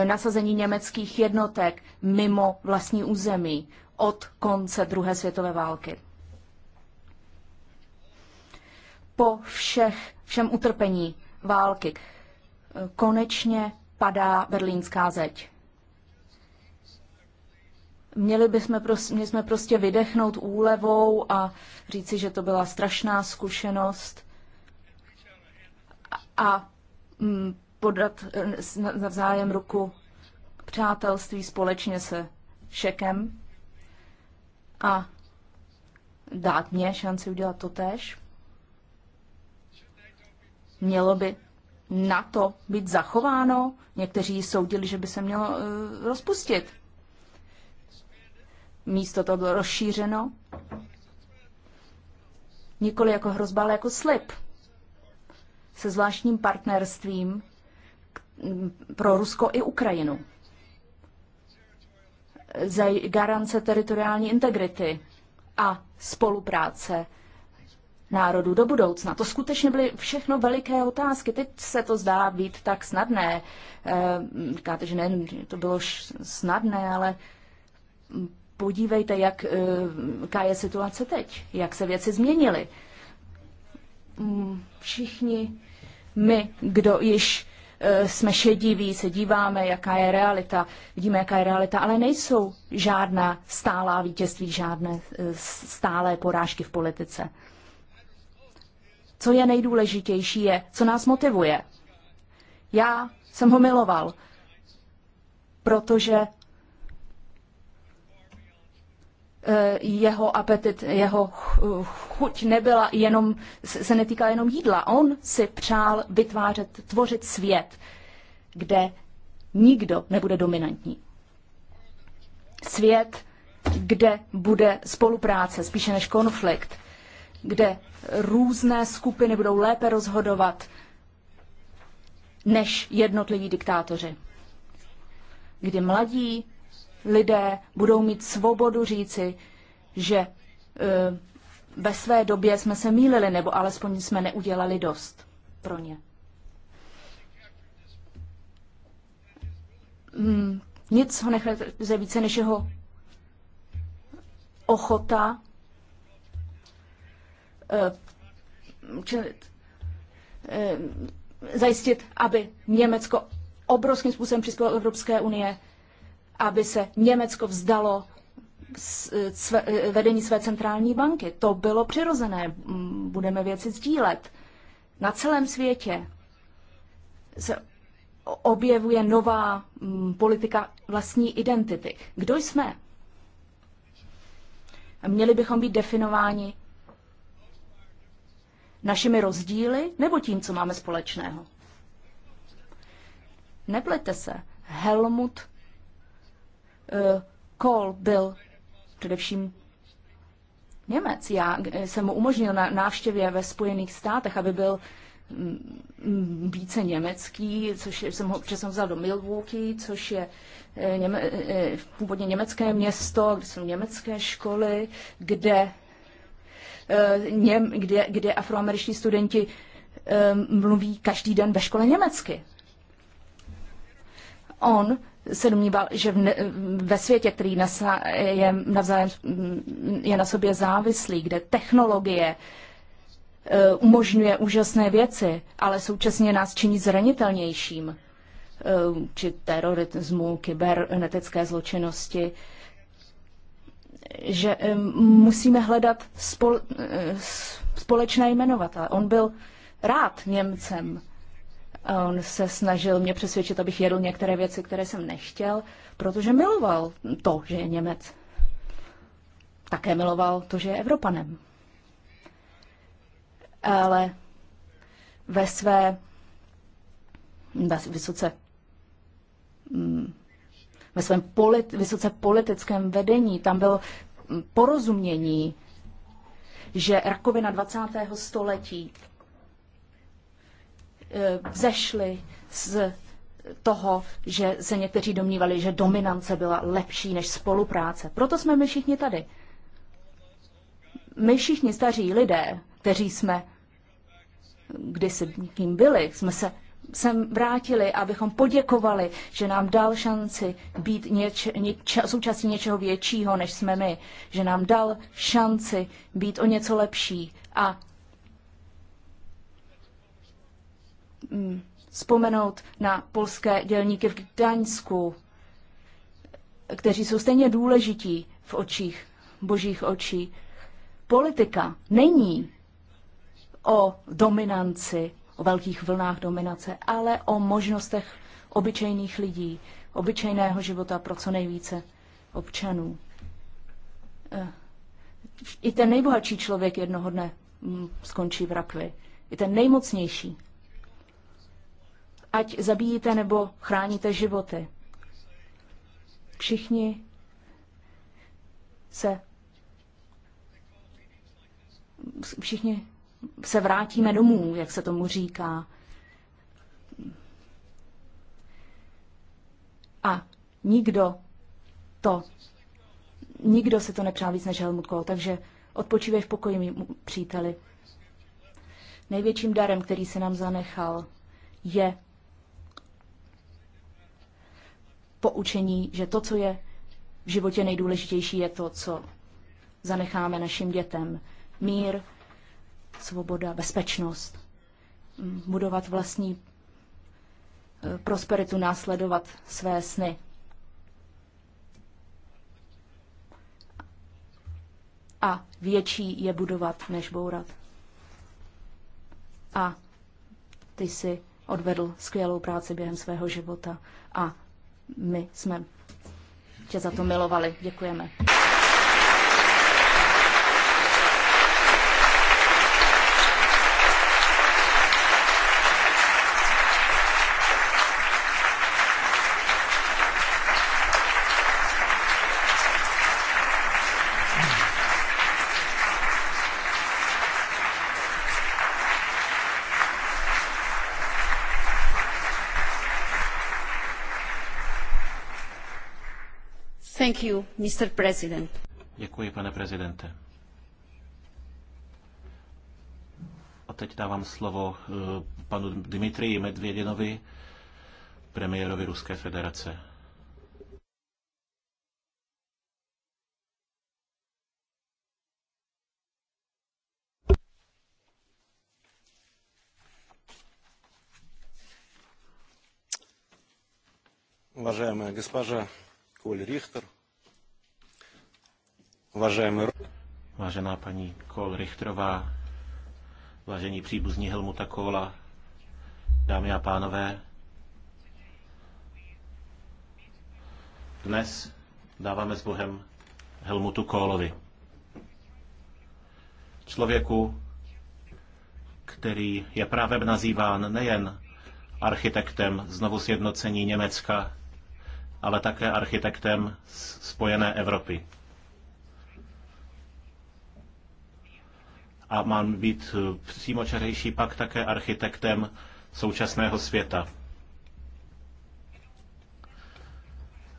nasazení německých jednotek mimo vlastní území od konce druhé světové války. Po všech, všem utrpení války konečně padá berlínská zeď. Měli bychom prostě, měli jsme prostě vydechnout úlevou a říci, že to byla strašná zkušenost a mm, podat eh, navzájem ruku přátelství společně se šekem a dát mě šanci udělat to tež. Mělo by na to být zachováno. Někteří soudili, že by se mělo uh, rozpustit. Místo to bylo rozšířeno. Nikoli jako hrozba, ale jako slib. Se zvláštním partnerstvím pro Rusko i Ukrajinu. Za garance teritoriální integrity a spolupráce národů do budoucna. To skutečně byly všechno veliké otázky. Teď se to zdá být tak snadné. Eh, říkáte, že ne, to bylo snadné, ale podívejte, jak, eh, jaká je situace teď, jak se věci změnily. Mm, všichni my, kdo již eh, jsme šediví, se díváme, jaká je realita, vidíme, jaká je realita, ale nejsou žádná stálá vítězství, žádné stálé porážky v politice co je nejdůležitější, je, co nás motivuje. Já jsem ho miloval, protože eh, jeho apetit, jeho chuť nebyla jenom, se netýká jenom jídla. On si přál vytvářet, tvořit svět, kde nikdo nebude dominantní. Svět, kde bude spolupráce spíše než konflikt kde různé skupiny budou lépe rozhodovat než jednotliví diktátoři. Kdy mladí lidé budou mít svobodu říci, že e, ve své době jsme se mýlili, nebo alespoň jsme neudělali dost pro ně. Mm, nic ho nechce více než jeho ochota Eh, čelit, eh, zajistit, aby Německo obrovským způsobem přispělo Evropské unie, aby se Německo vzdalo své, eh, vedení své centrální banky. To bylo přirozené. Budeme věci sdílet. Na celém světě se objevuje nová politika vlastní identity. Kdo jsme? Měli bychom být definováni našimi rozdíly nebo tím, co máme společného? Neplete se, Helmut uh, Kohl byl především Němec. Já eh, jsem mu umožnil na návštěvě ve Spojených státech, aby byl mm, mm, více německý, což jsem ho, jsem vzal do Milwaukee, což je eh, něme, původně německé město, kde jsou německé školy, kde Eh, něm, kde, kde afroameriční studenti eh, mluví každý den ve škole německy. On se domníval, že v ne, ve světě, který je, navzájem, je na sobě závislý, kde technologie eh, umožňuje úžasné věci, ale současně nás činí zranitelnějším či terorismu, kybernetické zločinnosti, že musíme hledat spol, eh, společné jmenovatele. On byl rád Němcem. On se snažil mě přesvědčit, abych jedl některé věci, které jsem nechtěl, protože miloval to, že je Němec. Také miloval to, že je Evropanem. Ale ve své vysoce ve svém polit, vysoce politickém vedení. Tam bylo porozumění, že rakovina 20. století eh, vzešly z toho, že se někteří domnívali, že dominance byla lepší než spolupráce. Proto jsme my všichni tady. My všichni staří lidé, kteří jsme kdysi kým byli, jsme se sem vrátili, abychom poděkovali, že nám dal šanci být něč, něč, součástí něčeho většího, než jsme my, že nám dal šanci být o něco lepší a mm, vzpomenout na polské dělníky v Gdaňsku, kteří jsou stejně důležití v očích, božích očí. Politika není o dominanci, o velkých vlnách dominace, ale o možnostech obyčejných lidí, obyčejného života pro co nejvíce občanů. Eh, I ten nejbohatší člověk jednoho dne hm, skončí v rakvi. I ten nejmocnější. Ať zabijíte nebo chráníte životy. Všichni se všichni se vrátíme domů, jak se tomu říká. A nikdo to, nikdo si to nepřál víc než Helmut Kohl, takže odpočívej v pokoji, mý příteli. Největším darem, který se nám zanechal, je poučení, že to, co je v životě nejdůležitější, je to, co zanecháme našim dětem. Mír, svoboda, bezpečnost, budovat vlastní eh, prosperitu, následovat své sny. A větší je budovat, než bourat. A ty si odvedl skvělou práci během svého života a my jsme tě za to milovali. Děkujeme. Thank you, Mr. President. Děkuji, pane prezidente. A teď dávám slovo eh, panu Dmitriji Medvěděnovi, premiérovi Ruské federace. Уважаемая госпожа Коль Рихтер, Uvažujeme. Vážená paní Kol Richtrová, vážení příbuzní Helmuta Kola, dámy a pánové, dnes dáváme s Bohem Helmutu Kolovi, Člověku, který je právě nazýván nejen architektem znovu sjednocení Německa, ale také architektem spojené Evropy. a mám být eh, přímočařejší pak také architektem současného světa.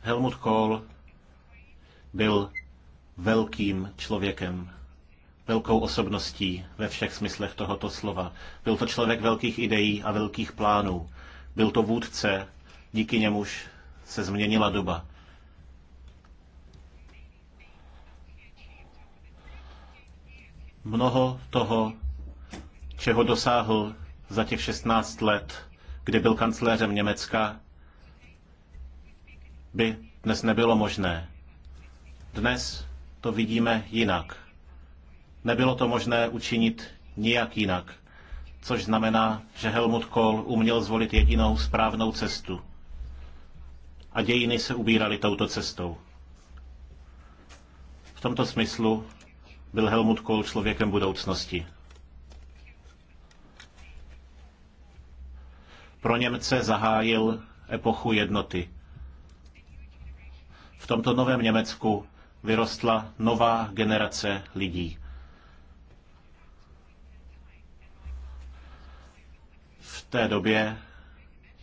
Helmut Kohl byl velkým člověkem, velkou osobností ve všech smyslech tohoto slova. Byl to člověk velkých ideí a velkých plánů. Byl to vůdce, díky němuž se změnila doba. mnoho toho, čeho dosáhl za těch 16 let, kdy byl kancléřem Německa, by dnes nebylo možné. Dnes to vidíme jinak. Nebylo to možné učinit nijak jinak, což znamená, že Helmut Kohl uměl zvolit jedinou správnou cestu. A dějiny se ubíraly touto cestou. V tomto smyslu byl Helmut Kohl člověkem budoucnosti. Pro Němce zahájil epochu jednoty. V tomto novém Německu vyrostla nová generace lidí. V té době,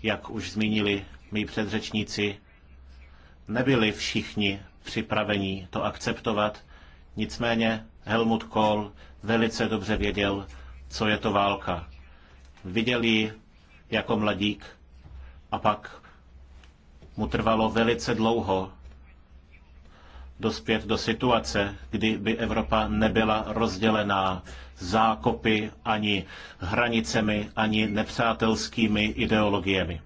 jak už zmínili mý předřečníci, nebyli všichni připraveni to akceptovat, nicméně Helmut Kohl velice dobře věděl, co je to válka. Viděl ji jako mladík a pak mu trvalo velice dlouho dospět do situace, kdy by Evropa nebyla rozdělená zákopy ani hranicemi, ani nepřátelskými ideologiemi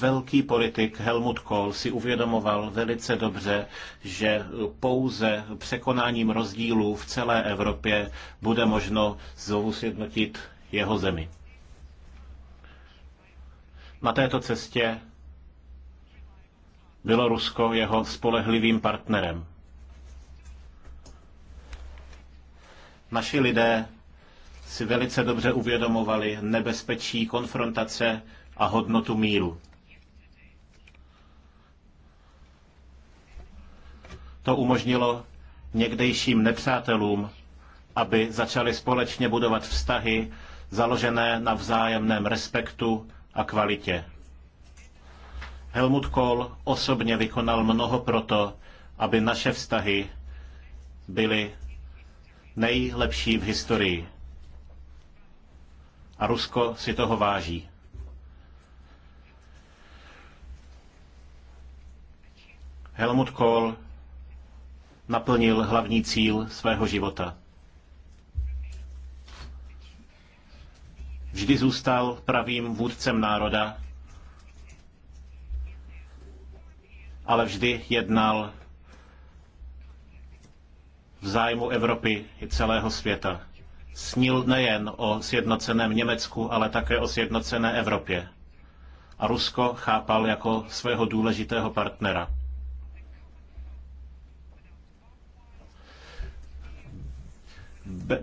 velký politik Helmut Kohl si uvědomoval velice dobře, že pouze překonáním rozdílů v celé Evropě bude možno znovu sjednotit jeho zemi. Na této cestě bylo Rusko jeho spolehlivým partnerem. Naši lidé si velice dobře uvědomovali nebezpečí konfrontace a hodnotu míru. To umožnilo někdejším nepřátelům, aby začali společně budovat vztahy založené na vzájemném respektu a kvalitě. Helmut Kohl osobně vykonal mnoho proto, aby naše vztahy byly nejlepší v historii. A Rusko si toho váží. Helmut Kohl naplnil hlavní cíl svého života. Vždy zůstal pravým vůdcem národa, ale vždy jednal v zájmu Evropy i celého světa. Snil nejen o sjednoceném Německu, ale také o sjednocené Evropě. A Rusko chápal jako svého důležitého partnera.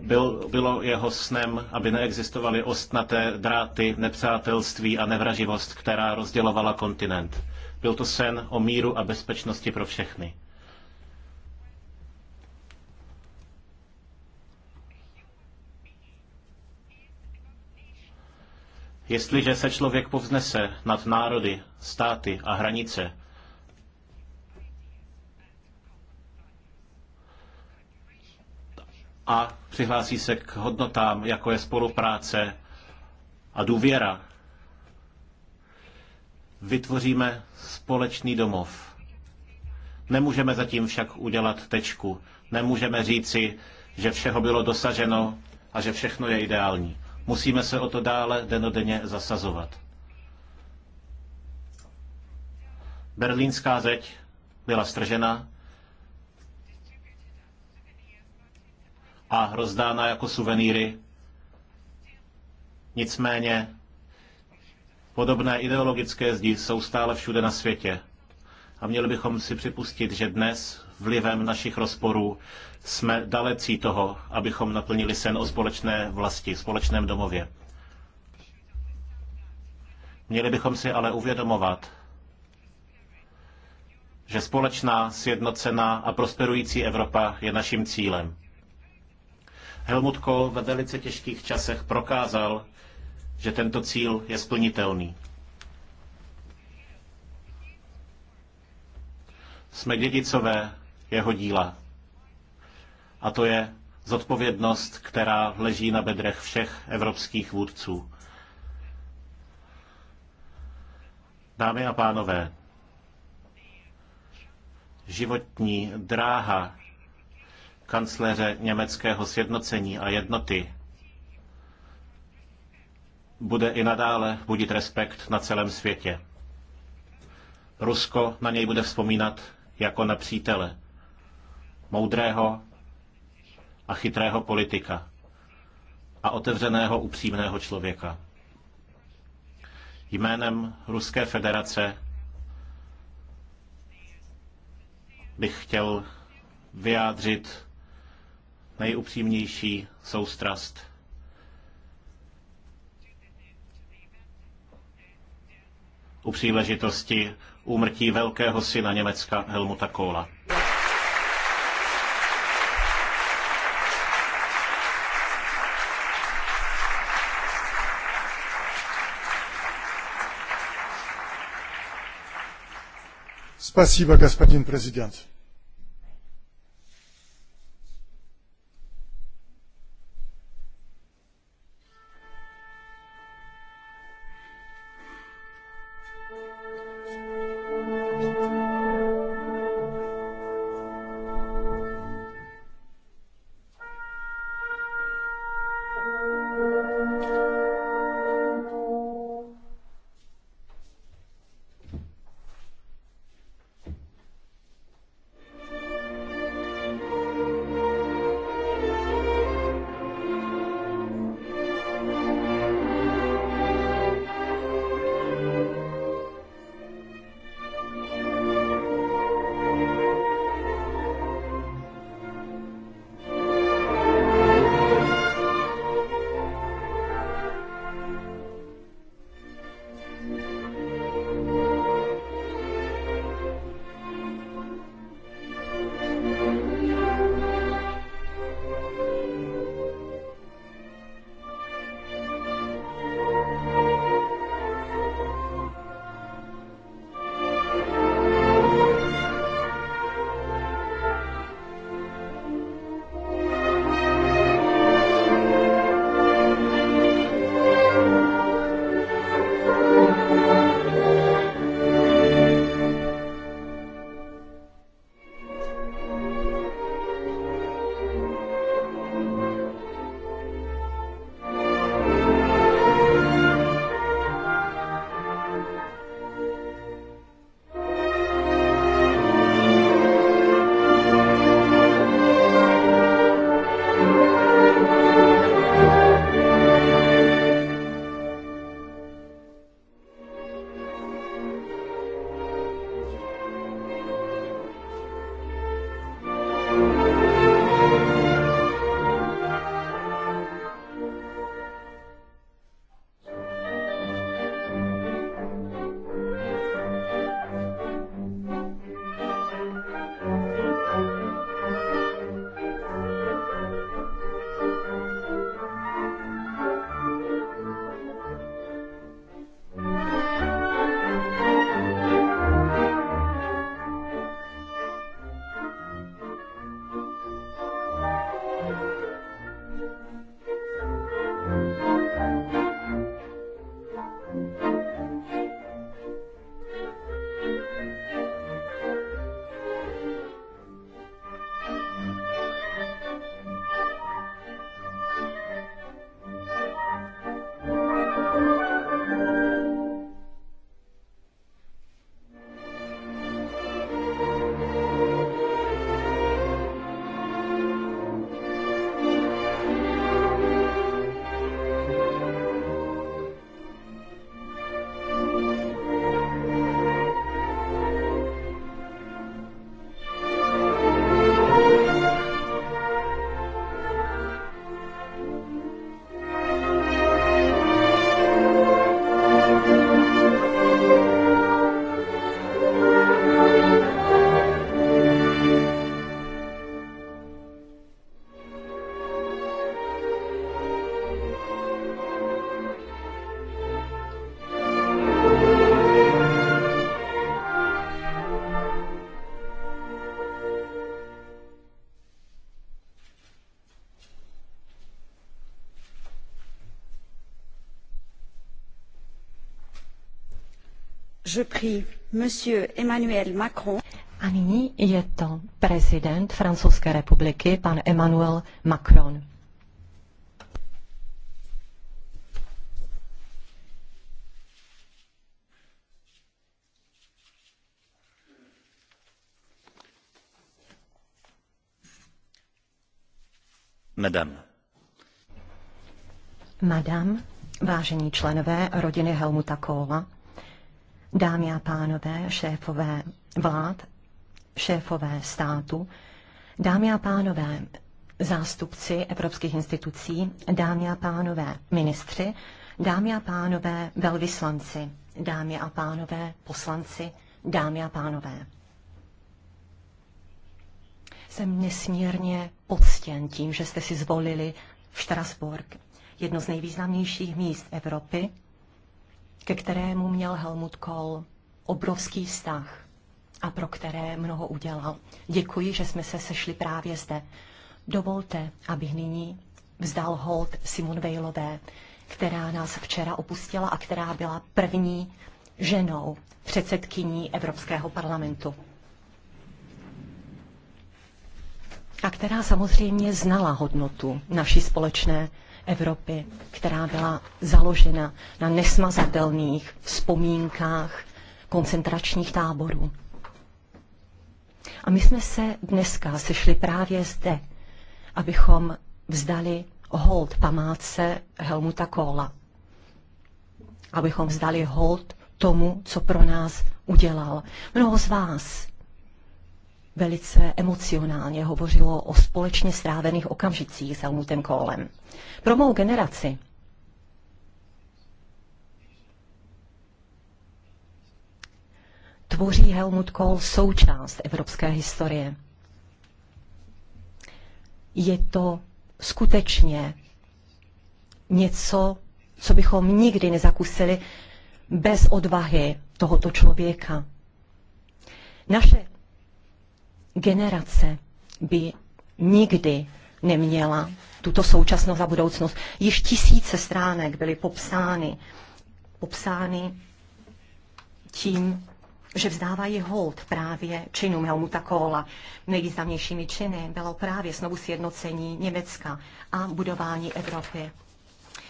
byl, bylo jeho snem, aby neexistovaly ostnaté dráty, nepřátelství a nevraživost, která rozdělovala kontinent. Byl to sen o míru a bezpečnosti pro všechny. Jestliže se člověk povznese nad národy, státy a hranice, a přihlásí se k hodnotám, jako je spolupráce a důvěra, vytvoříme společný domov. Nemůžeme zatím však udělat tečku. Nemůžeme říci, že všeho bylo dosaženo a že všechno je ideální. Musíme se o to dále denodenně zasazovat. Berlínská zeď byla stržena a rozdána jako suvenýry. Nicméně podobné ideologické zdi jsou stále všude na světě. A měli bychom si připustit, že dnes vlivem našich rozporů jsme dalecí toho, abychom naplnili sen o společné vlasti, společném domově. Měli bychom si ale uvědomovat, že společná, sjednocená a prosperující Evropa je naším cílem. Helmut Kohl ve velice těžkých časech prokázal, že tento cíl je splnitelný. Jsme dědicové jeho díla. A to je zodpovědnost, která leží na bedrech všech evropských vůdců. Dámy a pánové, životní dráha kancléře německého sjednocení a jednoty bude i nadále budit respekt na celém světě. Rusko na něj bude vzpomínat jako na přítele, moudrého a chytrého politika a otevřeného upřímného člověka. Jménem Ruské federace bych chtěl vyjádřit nejupřímnější soustrast. U příležitosti úmrtí velkého syna Německa Helmuta Kohla. Спасибо, господин президент. je prie Monsieur Emmanuel Macron. A nyní je to prezident Francouzské republiky, pan Emmanuel Macron. Madame. Madame, vážení členové rodiny Helmuta Kohla, Dámy a pánové, šéfové vlád, šéfové státu, dámy a pánové, zástupci evropských institucí, dámy a pánové, ministři, dámy a pánové, velvyslanci, dámy a pánové, poslanci, dámy a pánové. Jsem nesmírně poctěn tím, že jste si zvolili Štrasburg, jedno z nejvýznamnějších míst Evropy, ke kterému měl Helmut Kohl obrovský vztah a pro které mnoho udělal. Děkuji, že jsme se sešli právě zde. Dovolte, abych nyní vzdal hold Simon Vejlové, která nás včera opustila a která byla první ženou předsedkyní Evropského parlamentu. A která samozřejmě znala hodnotu naší společné Evropy, která byla založena na nesmazatelných vzpomínkách koncentračních táborů. A my jsme se dneska sešli právě zde, abychom vzdali hold památce Helmuta Kohla. Abychom vzdali hold tomu, co pro nás udělal. Mnoho z vás velice emocionálně hovořilo o společně strávených okamžicích s Helmutem Kohlem. Pro mou generaci tvoří Helmut Kohl součást evropské historie. Je to skutečně něco, co bychom nikdy nezakusili bez odvahy tohoto člověka. Naše generace by nikdy neměla tuto současnost a budoucnost. Již tisíce stránek byly popsány, popsány tím, že vzdávají hold právě činům Helmuta Kohla. Nejvýznamnějšími činy bylo právě znovu sjednocení Německa a budování Evropy.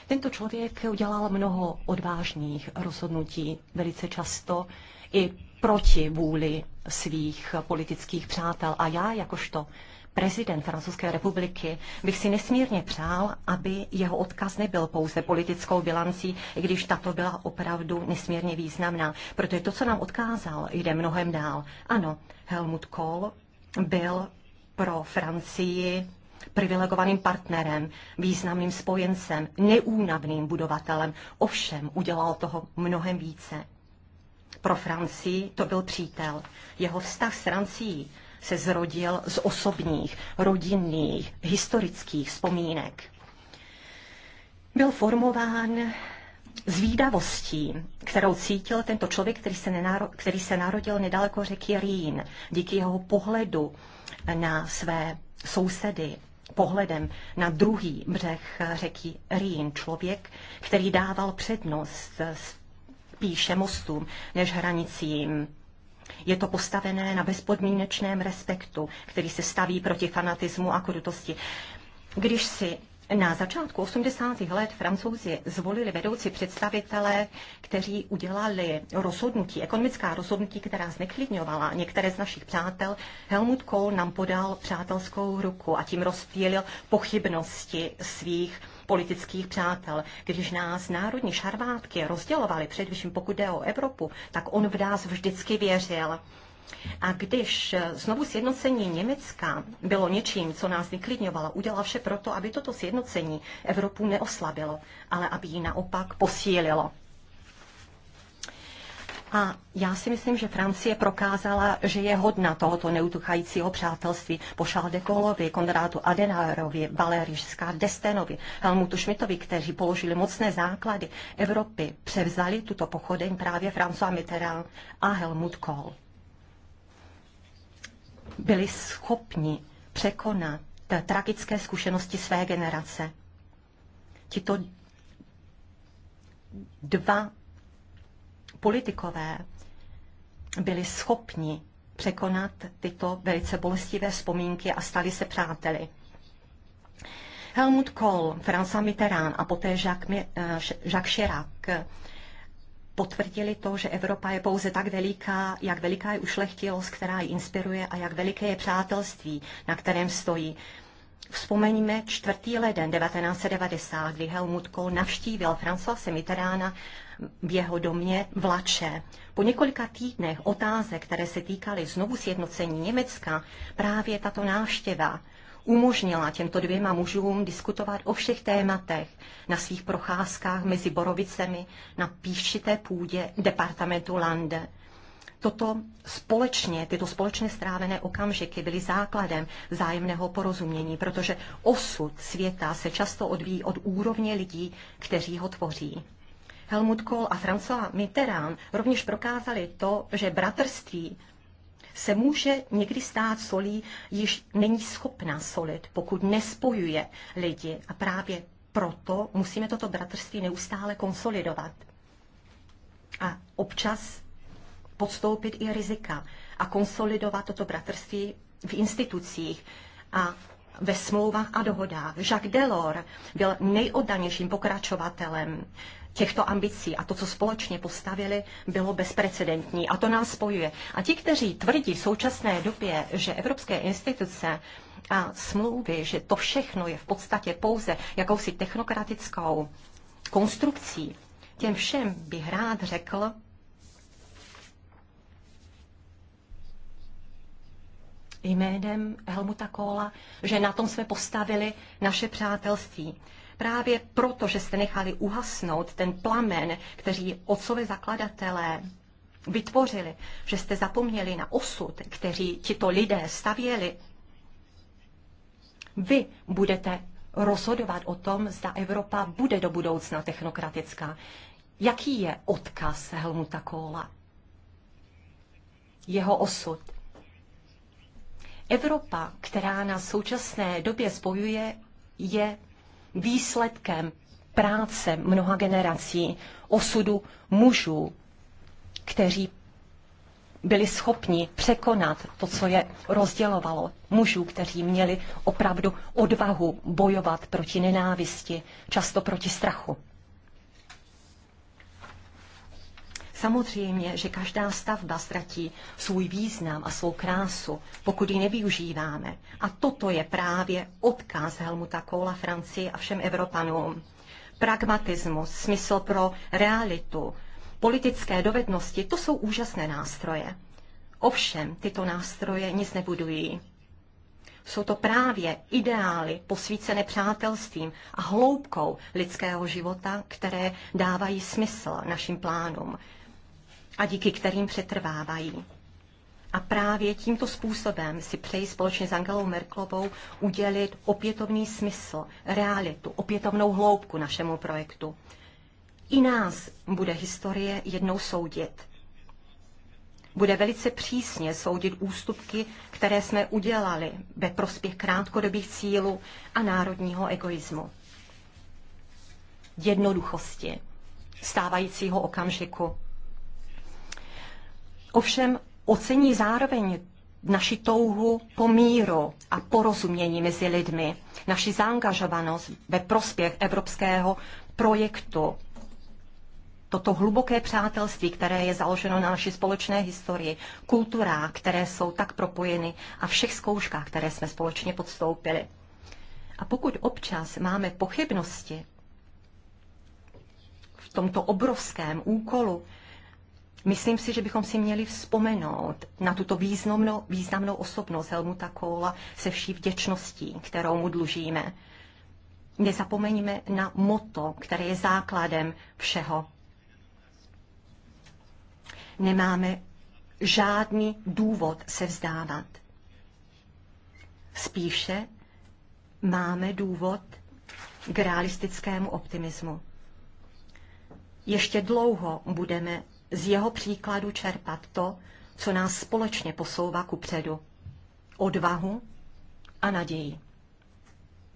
Tento člověk udělal mnoho odvážných rozhodnutí, velice často i proti vůli svých politických přátel. A já jakožto prezident Francouzské republiky bych si nesmírně přál, aby jeho odkaz nebyl pouze politickou bilancí, i když tato byla opravdu nesmírně významná. Protože to, co nám odkázal, jde mnohem dál. Ano, Helmut Kohl byl pro Francii privilegovaným partnerem, významným spojencem, neúnavným budovatelem. Ovšem udělal toho mnohem více. Pro Francii to byl přítel. Jeho vztah s Francií se zrodil z osobních, rodinných, historických vzpomínek. Byl formován zvídavostí, kterou cítil tento člověk, který se, nenaro- který se narodil nedaleko řeky Rýn, díky jeho pohledu na své sousedy, pohledem na druhý břeh řeky Rýn. Člověk, který dával přednost s spíše mostům než hranicím. Je to postavené na bezpodmínečném respektu, který se staví proti fanatismu a krutosti. Když si na začátku 80. let francouzi zvolili vedoucí představitele, kteří udělali rozhodnutí, ekonomická rozhodnutí, která zneklidňovala některé z našich přátel. Helmut Kohl nám podal přátelskou ruku a tím rozptýlil pochybnosti svých politických přátel. Když nás národní šarvátky rozdělovali, především pokud jde o Evropu, tak on v nás vždycky věřil. A když znovu sjednocení Německa bylo něčím, co nás vyklidňovalo, udělal vše proto, aby toto sjednocení Evropu neoslabilo, ale aby ji naopak posílilo. A já si myslím, že Francie prokázala, že je hodna tohoto neutuchajícího přátelství po Charles de Gaulleovi, Konrádu Adenauerovi, Valéry Destenovi, Helmutu Schmidtovi, kteří položili mocné základy Evropy, převzali tuto pochodeň právě François Mitterrand a Helmut Kohl. Byli schopni překonat tragické zkušenosti své generace. Tito dva politikové byli schopni překonat tyto velice bolestivé vzpomínky a stali se přáteli. Helmut Kohl, François Mitterrand a poté eh, Jacques, Chirac potvrdili to, že Evropa je pouze tak veliká, jak veliká je ušlechtilost, která ji inspiruje a jak veliké je přátelství, na kterém stojí. Vzpomeníme 4. leden 1990, kdy Helmut Kohl navštívil Francoise Mitterána v jeho domě vlače. Po několika týdnech otázek, které se týkaly znovu sjednocení Německa, právě tato návštěva umožnila těmto dvěma mužům diskutovat o všech tématech na svých procházkách mezi Borovicemi na píšité půdě departamentu Lande. Toto společně, tyto společně strávené okamžiky byly základem zájemného porozumění, protože osud světa se často odvíjí od úrovně lidí, kteří ho tvoří. Helmut Kohl a François Mitterrand rovněž prokázali to, že bratrství se může někdy stát solí, již není schopna solit, pokud nespojuje lidi. A právě proto musíme toto bratrství neustále konsolidovat. A občas podstoupit i rizika a konsolidovat toto bratrství v institucích a ve smlouvách a dohodách. Jacques Delors byl nejoddanějším pokračovatelem těchto ambicí a to, co společně postavili, bylo bezprecedentní a to nás spojuje. A ti, kteří tvrdí v současné době, že evropské instituce a smlouvy, že to všechno je v podstatě pouze jakousi technokratickou konstrukcí, těm všem bych rád řekl, jménem Helmuta Kohla, že na tom jsme postavili naše přátelství právě proto, že jste nechali uhasnout ten plamen, který otcové zakladatelé vytvořili, že jste zapomněli na osud, který tito lidé stavěli. Vy budete rozhodovat o tom, zda Evropa bude do budoucna technokratická. Jaký je odkaz Helmuta Kohla? Jeho osud. Evropa, která na současné době spojuje, je výsledkem práce mnoha generací, osudu mužů, kteří byli schopni překonat to, co je rozdělovalo mužů, kteří měli opravdu odvahu bojovat proti nenávisti, často proti strachu. Samozřejmě, že každá stavba ztratí svůj význam a svou krásu, pokud ji nevyužíváme. A toto je právě odkaz Helmuta Kohla Francii a všem Evropanům. Pragmatismus, smysl pro realitu, politické dovednosti, to jsou úžasné nástroje. Ovšem, tyto nástroje nic nebudují. Jsou to právě ideály posvícené přátelstvím a hloubkou lidského života, které dávají smysl našim plánům a díky kterým přetrvávají. A právě tímto způsobem si přeji společně s Angelou Merklovou udělit opětovný smysl, realitu, opětovnou hloubku našemu projektu. I nás bude historie jednou soudit. Bude velice přísně soudit ústupky, které jsme udělali ve prospěch krátkodobých cílů a národního egoismu. Jednoduchosti stávajícího okamžiku ovšem ocení zároveň naši touhu po míru a porozumění mezi lidmi, naši zaangažovanost ve prospěch evropského projektu, toto hluboké přátelství, které je založeno na naší společné historii, kulturách, které jsou tak propojeny a všech zkouškách, které jsme společně podstoupili. A pokud občas máme pochybnosti v tomto obrovském úkolu, Myslím si, že bychom si měli vzpomenout na tuto významnou, významnou osobnost Helmuta Kohla se vší vděčností, kterou mu dlužíme. Nezapomeňme na moto, které je základem všeho. Nemáme žádný důvod se vzdávat. Spíše máme důvod k realistickému optimismu. Ještě dlouho budeme z jeho příkladu čerpat to, co nás společně posouvá ku předu. Odvahu a naději.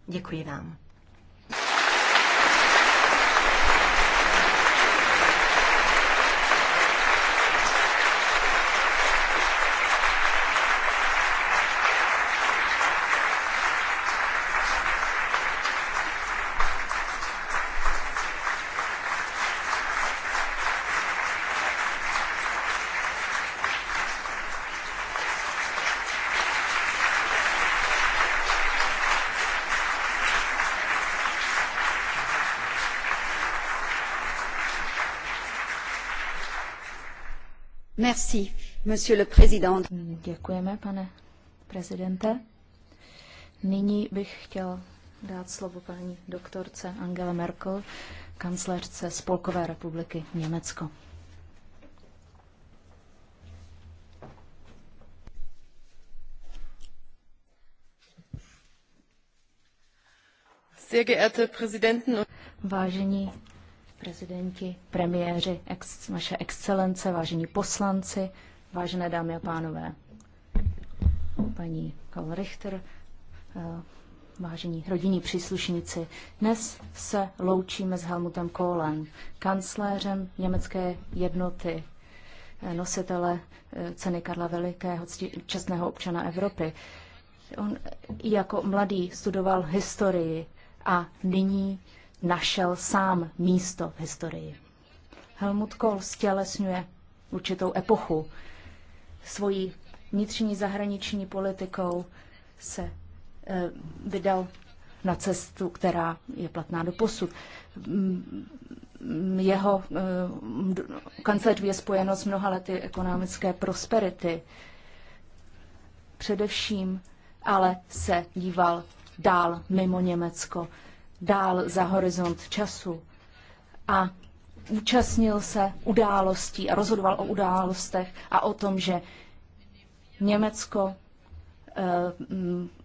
Děkuji vám. Merci, monsieur le président. Děkujeme, pane prezidente. Nyní bych chtěl dát slovo paní doktorce Angele Merkel, kancléřce Spolkové republiky Německo. Vážení prezidenti, premiéři, ex, vaše excelence, vážení poslanci, vážené dámy a pánové, paní Karl Richter, eh, vážení rodinní příslušníci, dnes se loučíme s Helmutem Kohlem, kancléřem německé jednoty, eh, nositele eh, ceny Karla Velikého, čestného občana Evropy. On jako mladý studoval historii a nyní našel sám místo v historii. Helmut Kohl stělesňuje určitou epochu. Svojí vnitřní zahraniční politikou se e, vydal na cestu, která je platná do posud. Mm, jeho e, eh, kancelář je spojeno s mnoha lety ekonomické prosperity. Především ale se díval dál mimo Německo dál za horizont času a účastnil se událostí a rozhodoval o událostech a o tom, že Německo eh,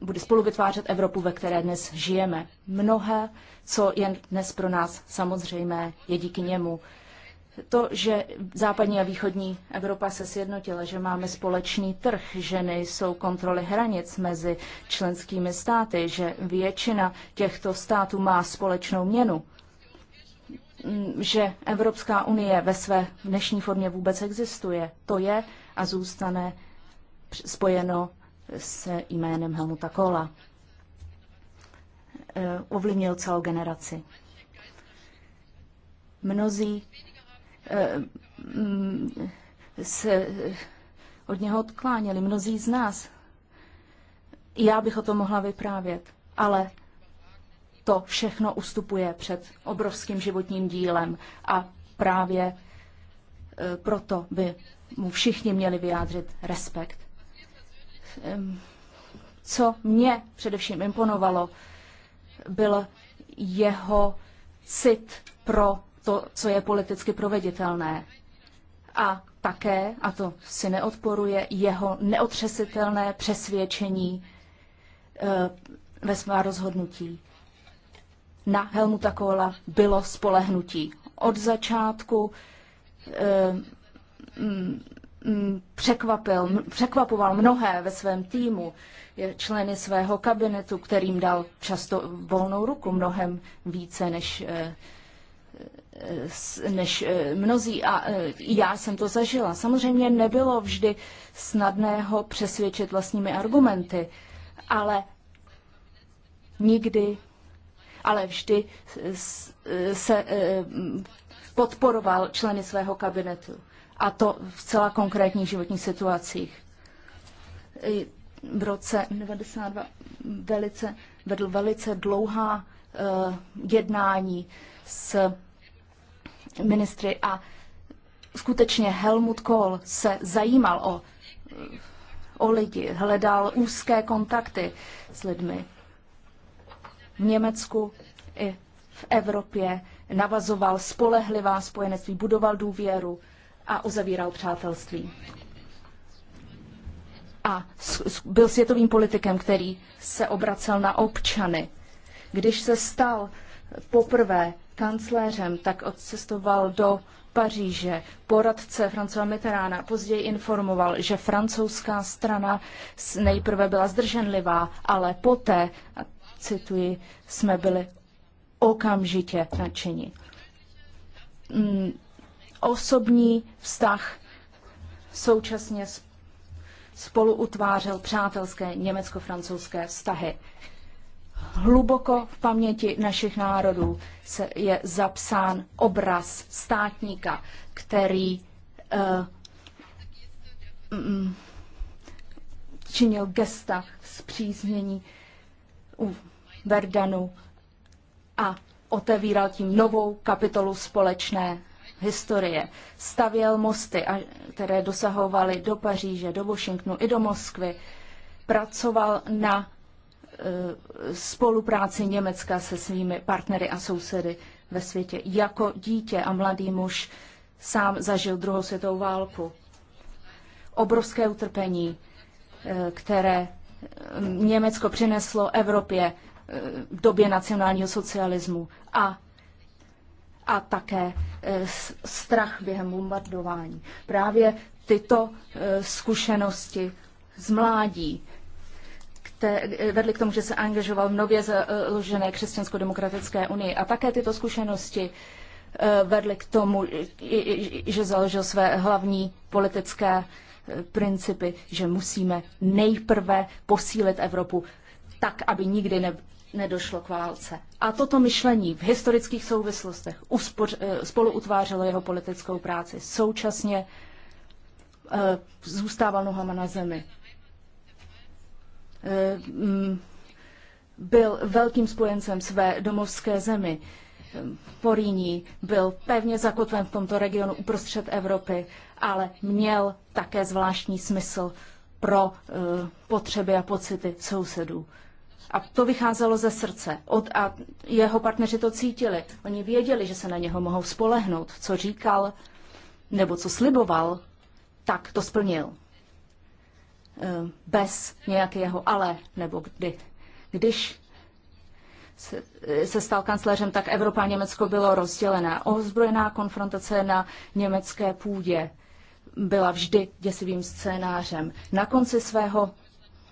bude spolu vytvářet Evropu, ve které dnes žijeme. Mnohé, co je dnes pro nás samozřejmé, je díky němu to, že západní a východní Evropa se sjednotila, že máme společný trh, že nejsou kontroly hranic mezi členskými státy, že většina těchto států má společnou měnu, mm, že Evropská unie ve své dnešní formě vůbec existuje. To je a zůstane spojeno s jménem Helmuta Kohla. Eh, ovlivnil celou generaci. Mnozí Eh, mm, se od něho odkláněli, mnozí z nás. Já bych o tom mohla vyprávět, ale to všechno ustupuje před obrovským životním dílem a právě eh, proto by mu všichni měli vyjádřit respekt. Ehm, co mě především imponovalo, byl jeho cit pro to, co je politicky proveditelné. A také, a to si neodporuje, jeho neotřesitelné přesvědčení e, ve svá rozhodnutí. Na Helmuta Kohla bylo spolehnutí. Od začátku e, překvapil, překvapoval mnohé ve svém týmu, členy svého kabinetu, kterým dal často volnou ruku mnohem více než e, než eh, mnozí a eh, já jsem to zažila. Samozřejmě nebylo vždy snadného přesvědčit vlastními argumenty, ale nikdy, ale vždy eh, se podporoval členy svého kabinetu. A to v celá konkrétních životních situacích. V roce 92 velice, vedl velice dlouhá jednání s ministry a skutečně Helmut Kohl se zajímal o, o lidi, hledal úzké kontakty s lidmi v Německu i v Evropě, navazoval spolehlivá spojenectví, budoval důvěru a uzavíral přátelství. A byl světovým politikem, který se obracel na občany. Když se stal poprvé kancléřem, tak odcestoval do Paříže. Poradce Francova Mitterána později informoval, že francouzská strana nejprve byla zdrženlivá, ale poté, cituji, jsme byli okamžitě nadšení. Mm, osobní vztah současně spolu utvářel přátelské německo-francouzské vztahy hluboko v paměti našich národů se je zapsán obraz státníka, který uh, činil gesta zpříznění u Verdanu a otevíral tím novou kapitolu společné historie. Stavěl mosty, které dosahovaly do Paříže, do Washingtonu i do Moskvy. Pracoval na Eh, spolupráci Německa se svými partnery a sousedy ve světě. Jako dítě a mladý muž sám zažil druhou světovou válku. Obrovské utrpení, eh, které eh, Německo přineslo Evropě v době nacionálního socialismu a, a také strach během bombardování. Právě tyto zkušenosti z mládí te, vedly k tomu, že se angažoval v nově založené křesťansko-demokratické unii. A také tyto zkušenosti eh, vedly k tomu, že založil své hlavní politické eh, principy, že musíme nejprve posílit Evropu tak, aby nikdy ne, nedošlo k válce. A toto myšlení v historických souvislostech uspoř, eh, spolu utvářelo jeho politickou práci. Současně zůstával nohama na zemi. Eh, mm, byl velkým spojencem své domovské zemi. Poríní byl pevně zakotven v tomto regionu uprostřed Evropy, ale měl také zvláštní smysl pro eh, potřeby a pocity sousedů. A to vycházelo ze srdce. Od, a jeho partneři to cítili. Oni věděli, že se na něho mohou spolehnout. Co říkal nebo co sliboval, tak to splnil. Eh, bez nějakého ale nebo kdy. Když eh, se stal kancléřem, tak Evropa a Německo bylo rozdělené. Ozbrojená konfrontace na německé půdě byla vždy děsivým scénářem. Na konci svého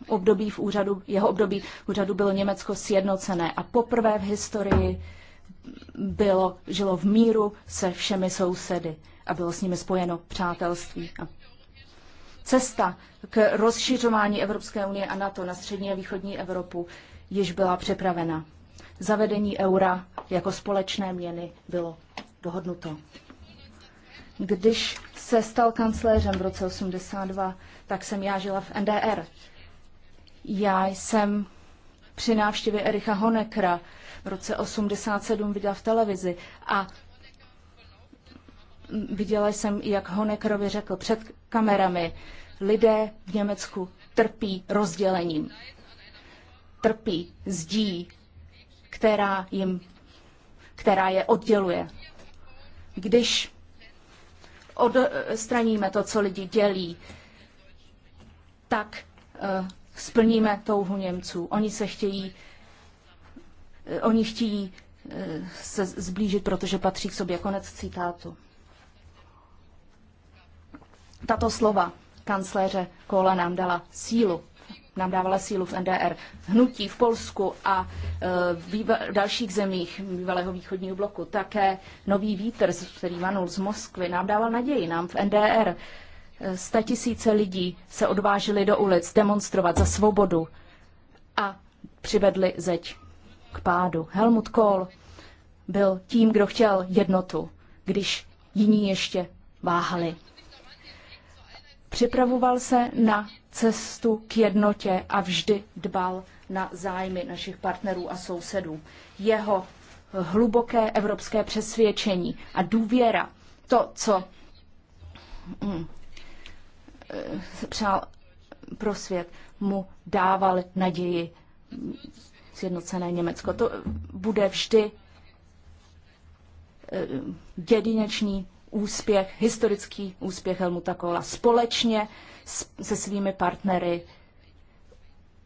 období v úřadu, jeho období v úřadu bylo Německo sjednocené a poprvé v historii bylo, žilo v míru se všemi sousedy a bylo s nimi spojeno přátelství a cesta k rozšiřování Evropské unie a NATO na střední a východní Evropu již byla připravena. Zavedení eura jako společné měny bylo dohodnuto. Když se stal kancléřem v roce 82, tak jsem já žila v NDR. Já jsem při návštěvě Ericha Honekra v roce 87 viděla v televizi a viděla jsem, jak Honekerovi řekl před kamerami, lidé v Německu trpí rozdělením. Trpí zdí, která, jim, která je odděluje. Když odstraníme to, co lidi dělí, tak uh, splníme touhu Němců. Oni se chtějí, uh, oni chtějí uh, se zblížit, protože patří k sobě. Konec citátu tato slova kancléře Kola nám dala sílu nám dávala sílu v NDR, hnutí v Polsku a e, v dalších zemích bývalého východního bloku. Také nový vítr, který vanul z Moskvy, nám dával naději, nám v NDR. E, sta tisíce lidí se odvážili do ulic demonstrovat za svobodu a přivedli zeď k pádu. Helmut Kohl byl tím, kdo chtěl jednotu, když jiní ještě váhali. Připravoval se na cestu k jednotě a vždy dbal na zájmy našich partnerů a sousedů. Jeho hluboké evropské přesvědčení a důvěra, to, co mm, eh, přál pro svět, mu dával naději mm, sjednocené Německo. To bude vždy jedinečný eh, úspěch, historický úspěch Helmuta Kohla společně s, se svými partnery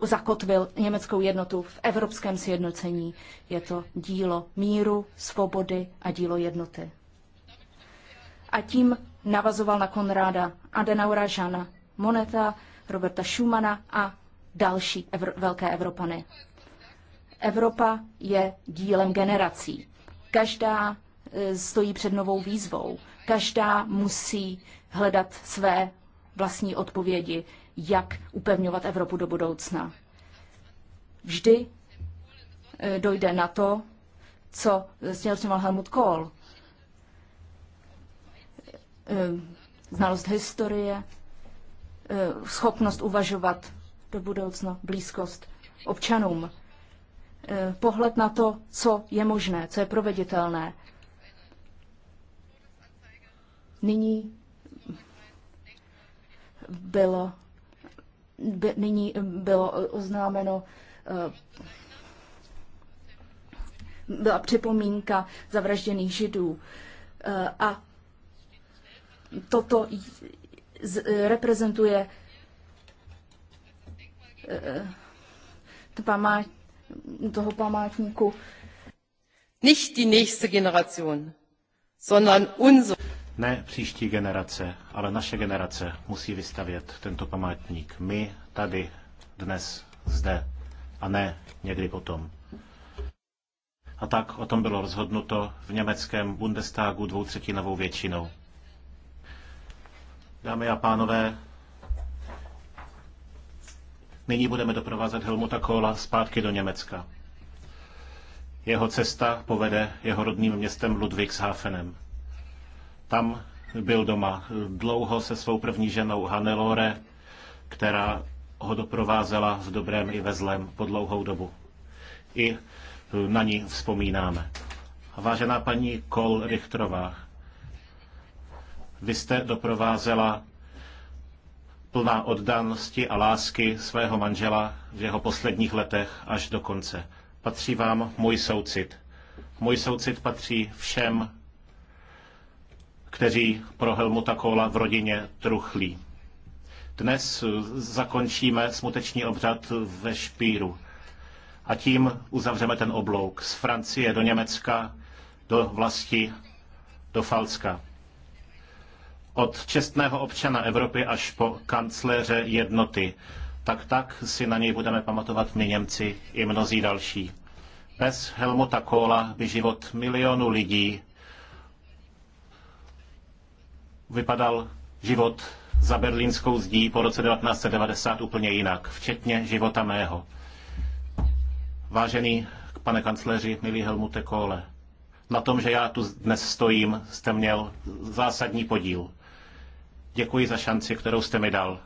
zakotvil německou jednotu v evropském sjednocení. Je to dílo míru, svobody a dílo jednoty. A tím navazoval na Konráda Adenaura, Žana Moneta, Roberta Schumana a další evro- velké Evropany. Evropa je dílem generací. Každá e, stojí před novou výzvou. Každá musí hledat své vlastní odpovědi, jak upevňovat Evropu do budoucna. Vždy eh, dojde na to, co směroval Helmut Kohl. Eh, znalost historie, eh, schopnost uvažovat do budoucna, blízkost občanům, pohled na to, co je možné, co je proveditelné. Nyní bylo, by, nyní bylo oznámeno eh, byla připomínka zavražděných židů. Eh, a toto reprezentuje eh, toho památníku. Nicht die nächste Generation, sondern unsere. Ne příští generace, ale naše generace musí vystavět tento památník. My tady, dnes, zde a ne někdy potom. A tak o tom bylo rozhodnuto v německém Bundestagu dvoutřetinovou většinou. Dámy a pánové, nyní budeme doprovázet Helmuta Kohla zpátky do Německa. Jeho cesta povede jeho rodným městem Ludwigshafenem. Tam byl doma dlouho se svou první ženou Hanelore, která ho doprovázela v dobrém i ve zlém po dlouhou dobu. I na ní vzpomínáme. Vážená paní Kol Richtrová, vy jste doprovázela plná oddanosti a lásky svého manžela v jeho posledních letech až do konce. Patří vám můj soucit. Můj soucit patří všem kteří pro Helmuta Kohla v rodině truchlí. Dnes zakončíme smuteční obřad ve Špíru a tím uzavřeme ten oblouk z Francie do Německa, do vlasti, do Falska. Od čestného občana Evropy až po kancléře jednoty. Tak tak si na něj budeme pamatovat my Němci i mnozí další. Bez Helmuta Kohla by život milionů lidí vypadal život za berlínskou zdí po roce 1990 úplně jinak, včetně života mého. Vážený pane kancléři, milý Helmute Kohle, na tom, že já tu dnes stojím, jste měl zásadní podíl. Děkuji za šanci, kterou jste mi dal.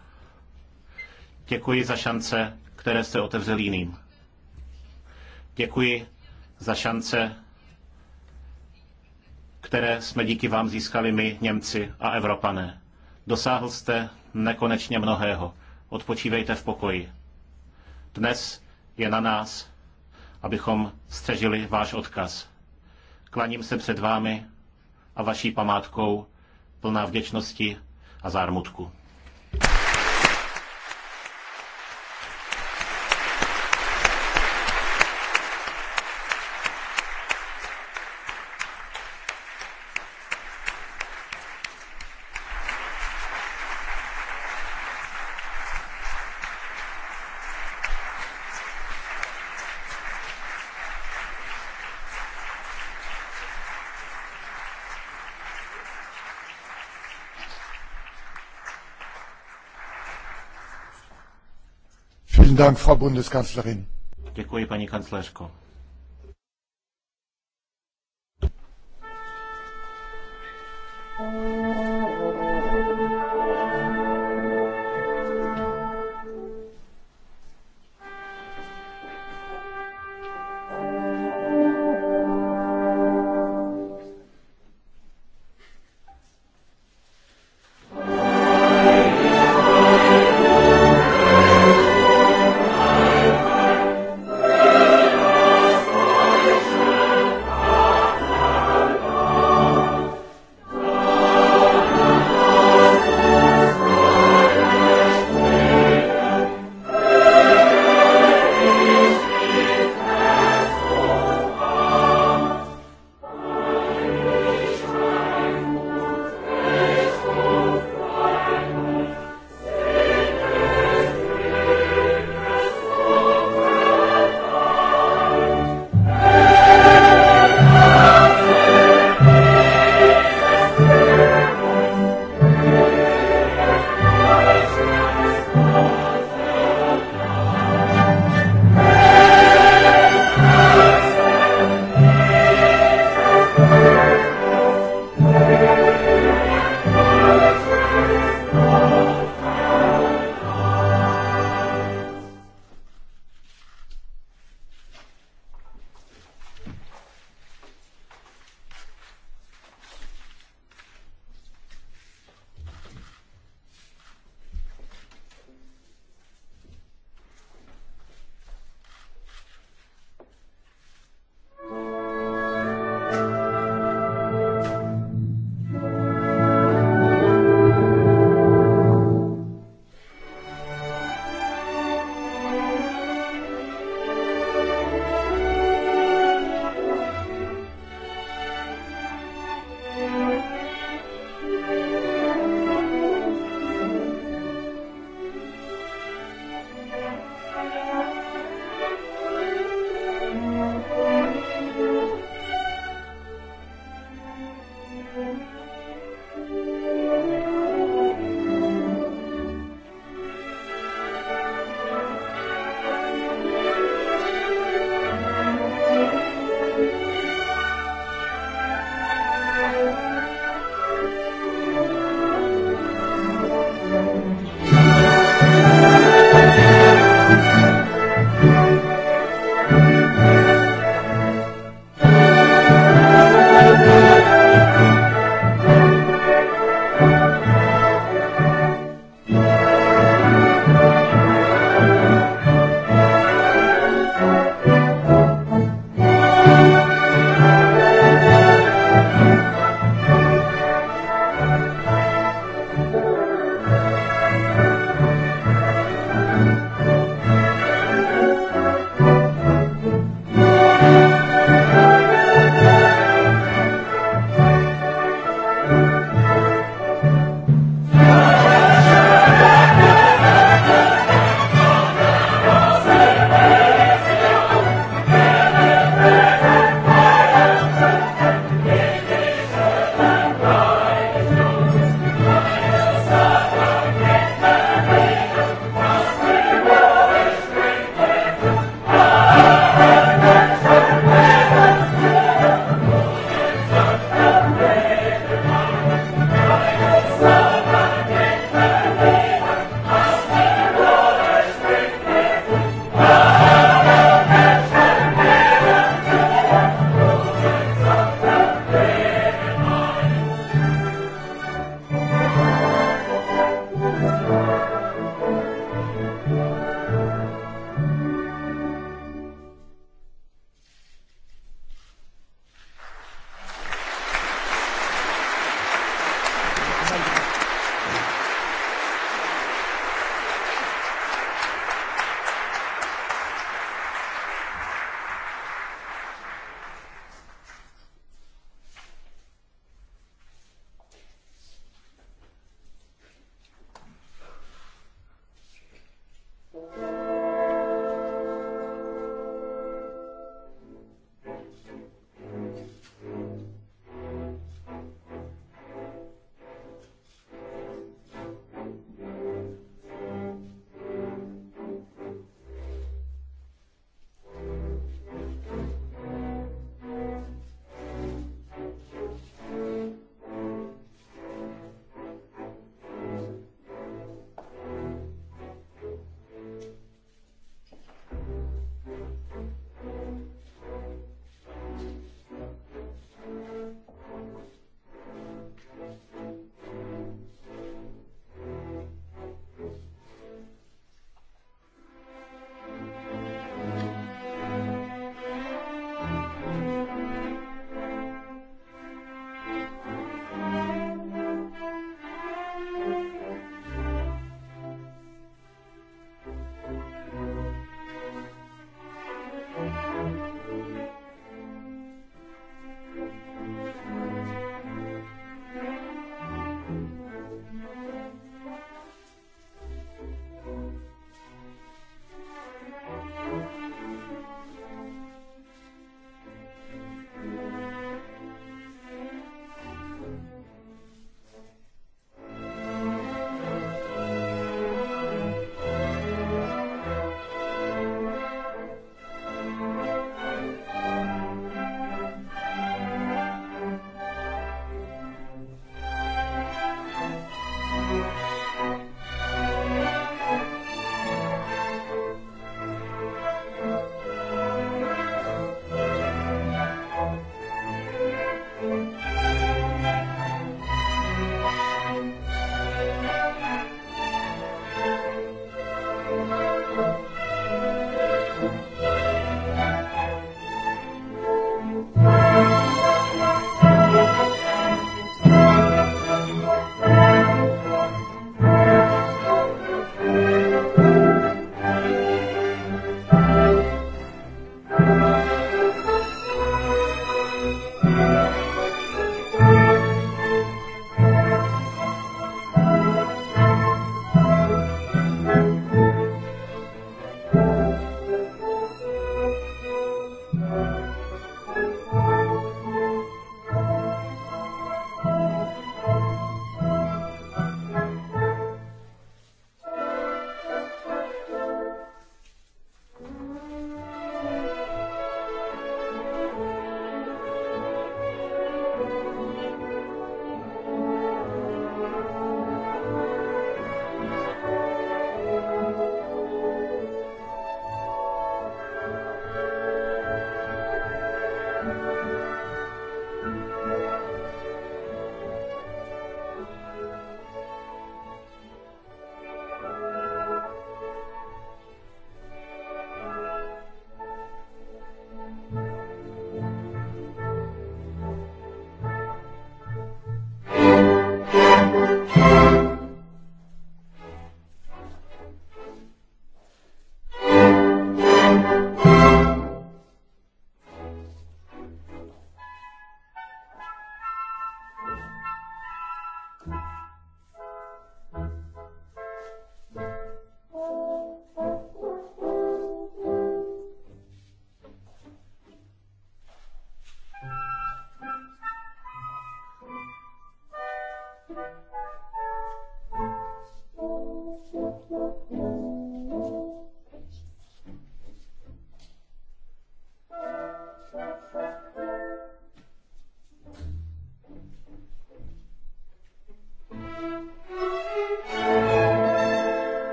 Děkuji za šance, které jste otevřel jiným. Děkuji za šance, které jsme díky vám získali my, Němci a Evropané. Dosáhl jste nekonečně mnohého. Odpočívejte v pokoji. Dnes je na nás, abychom střežili váš odkaz. Klaním se před vámi a vaší památkou plná vděčnosti a zármutku. Vielen Dank, Frau Bundeskanzlerin. Děkuji, paní kancléřko.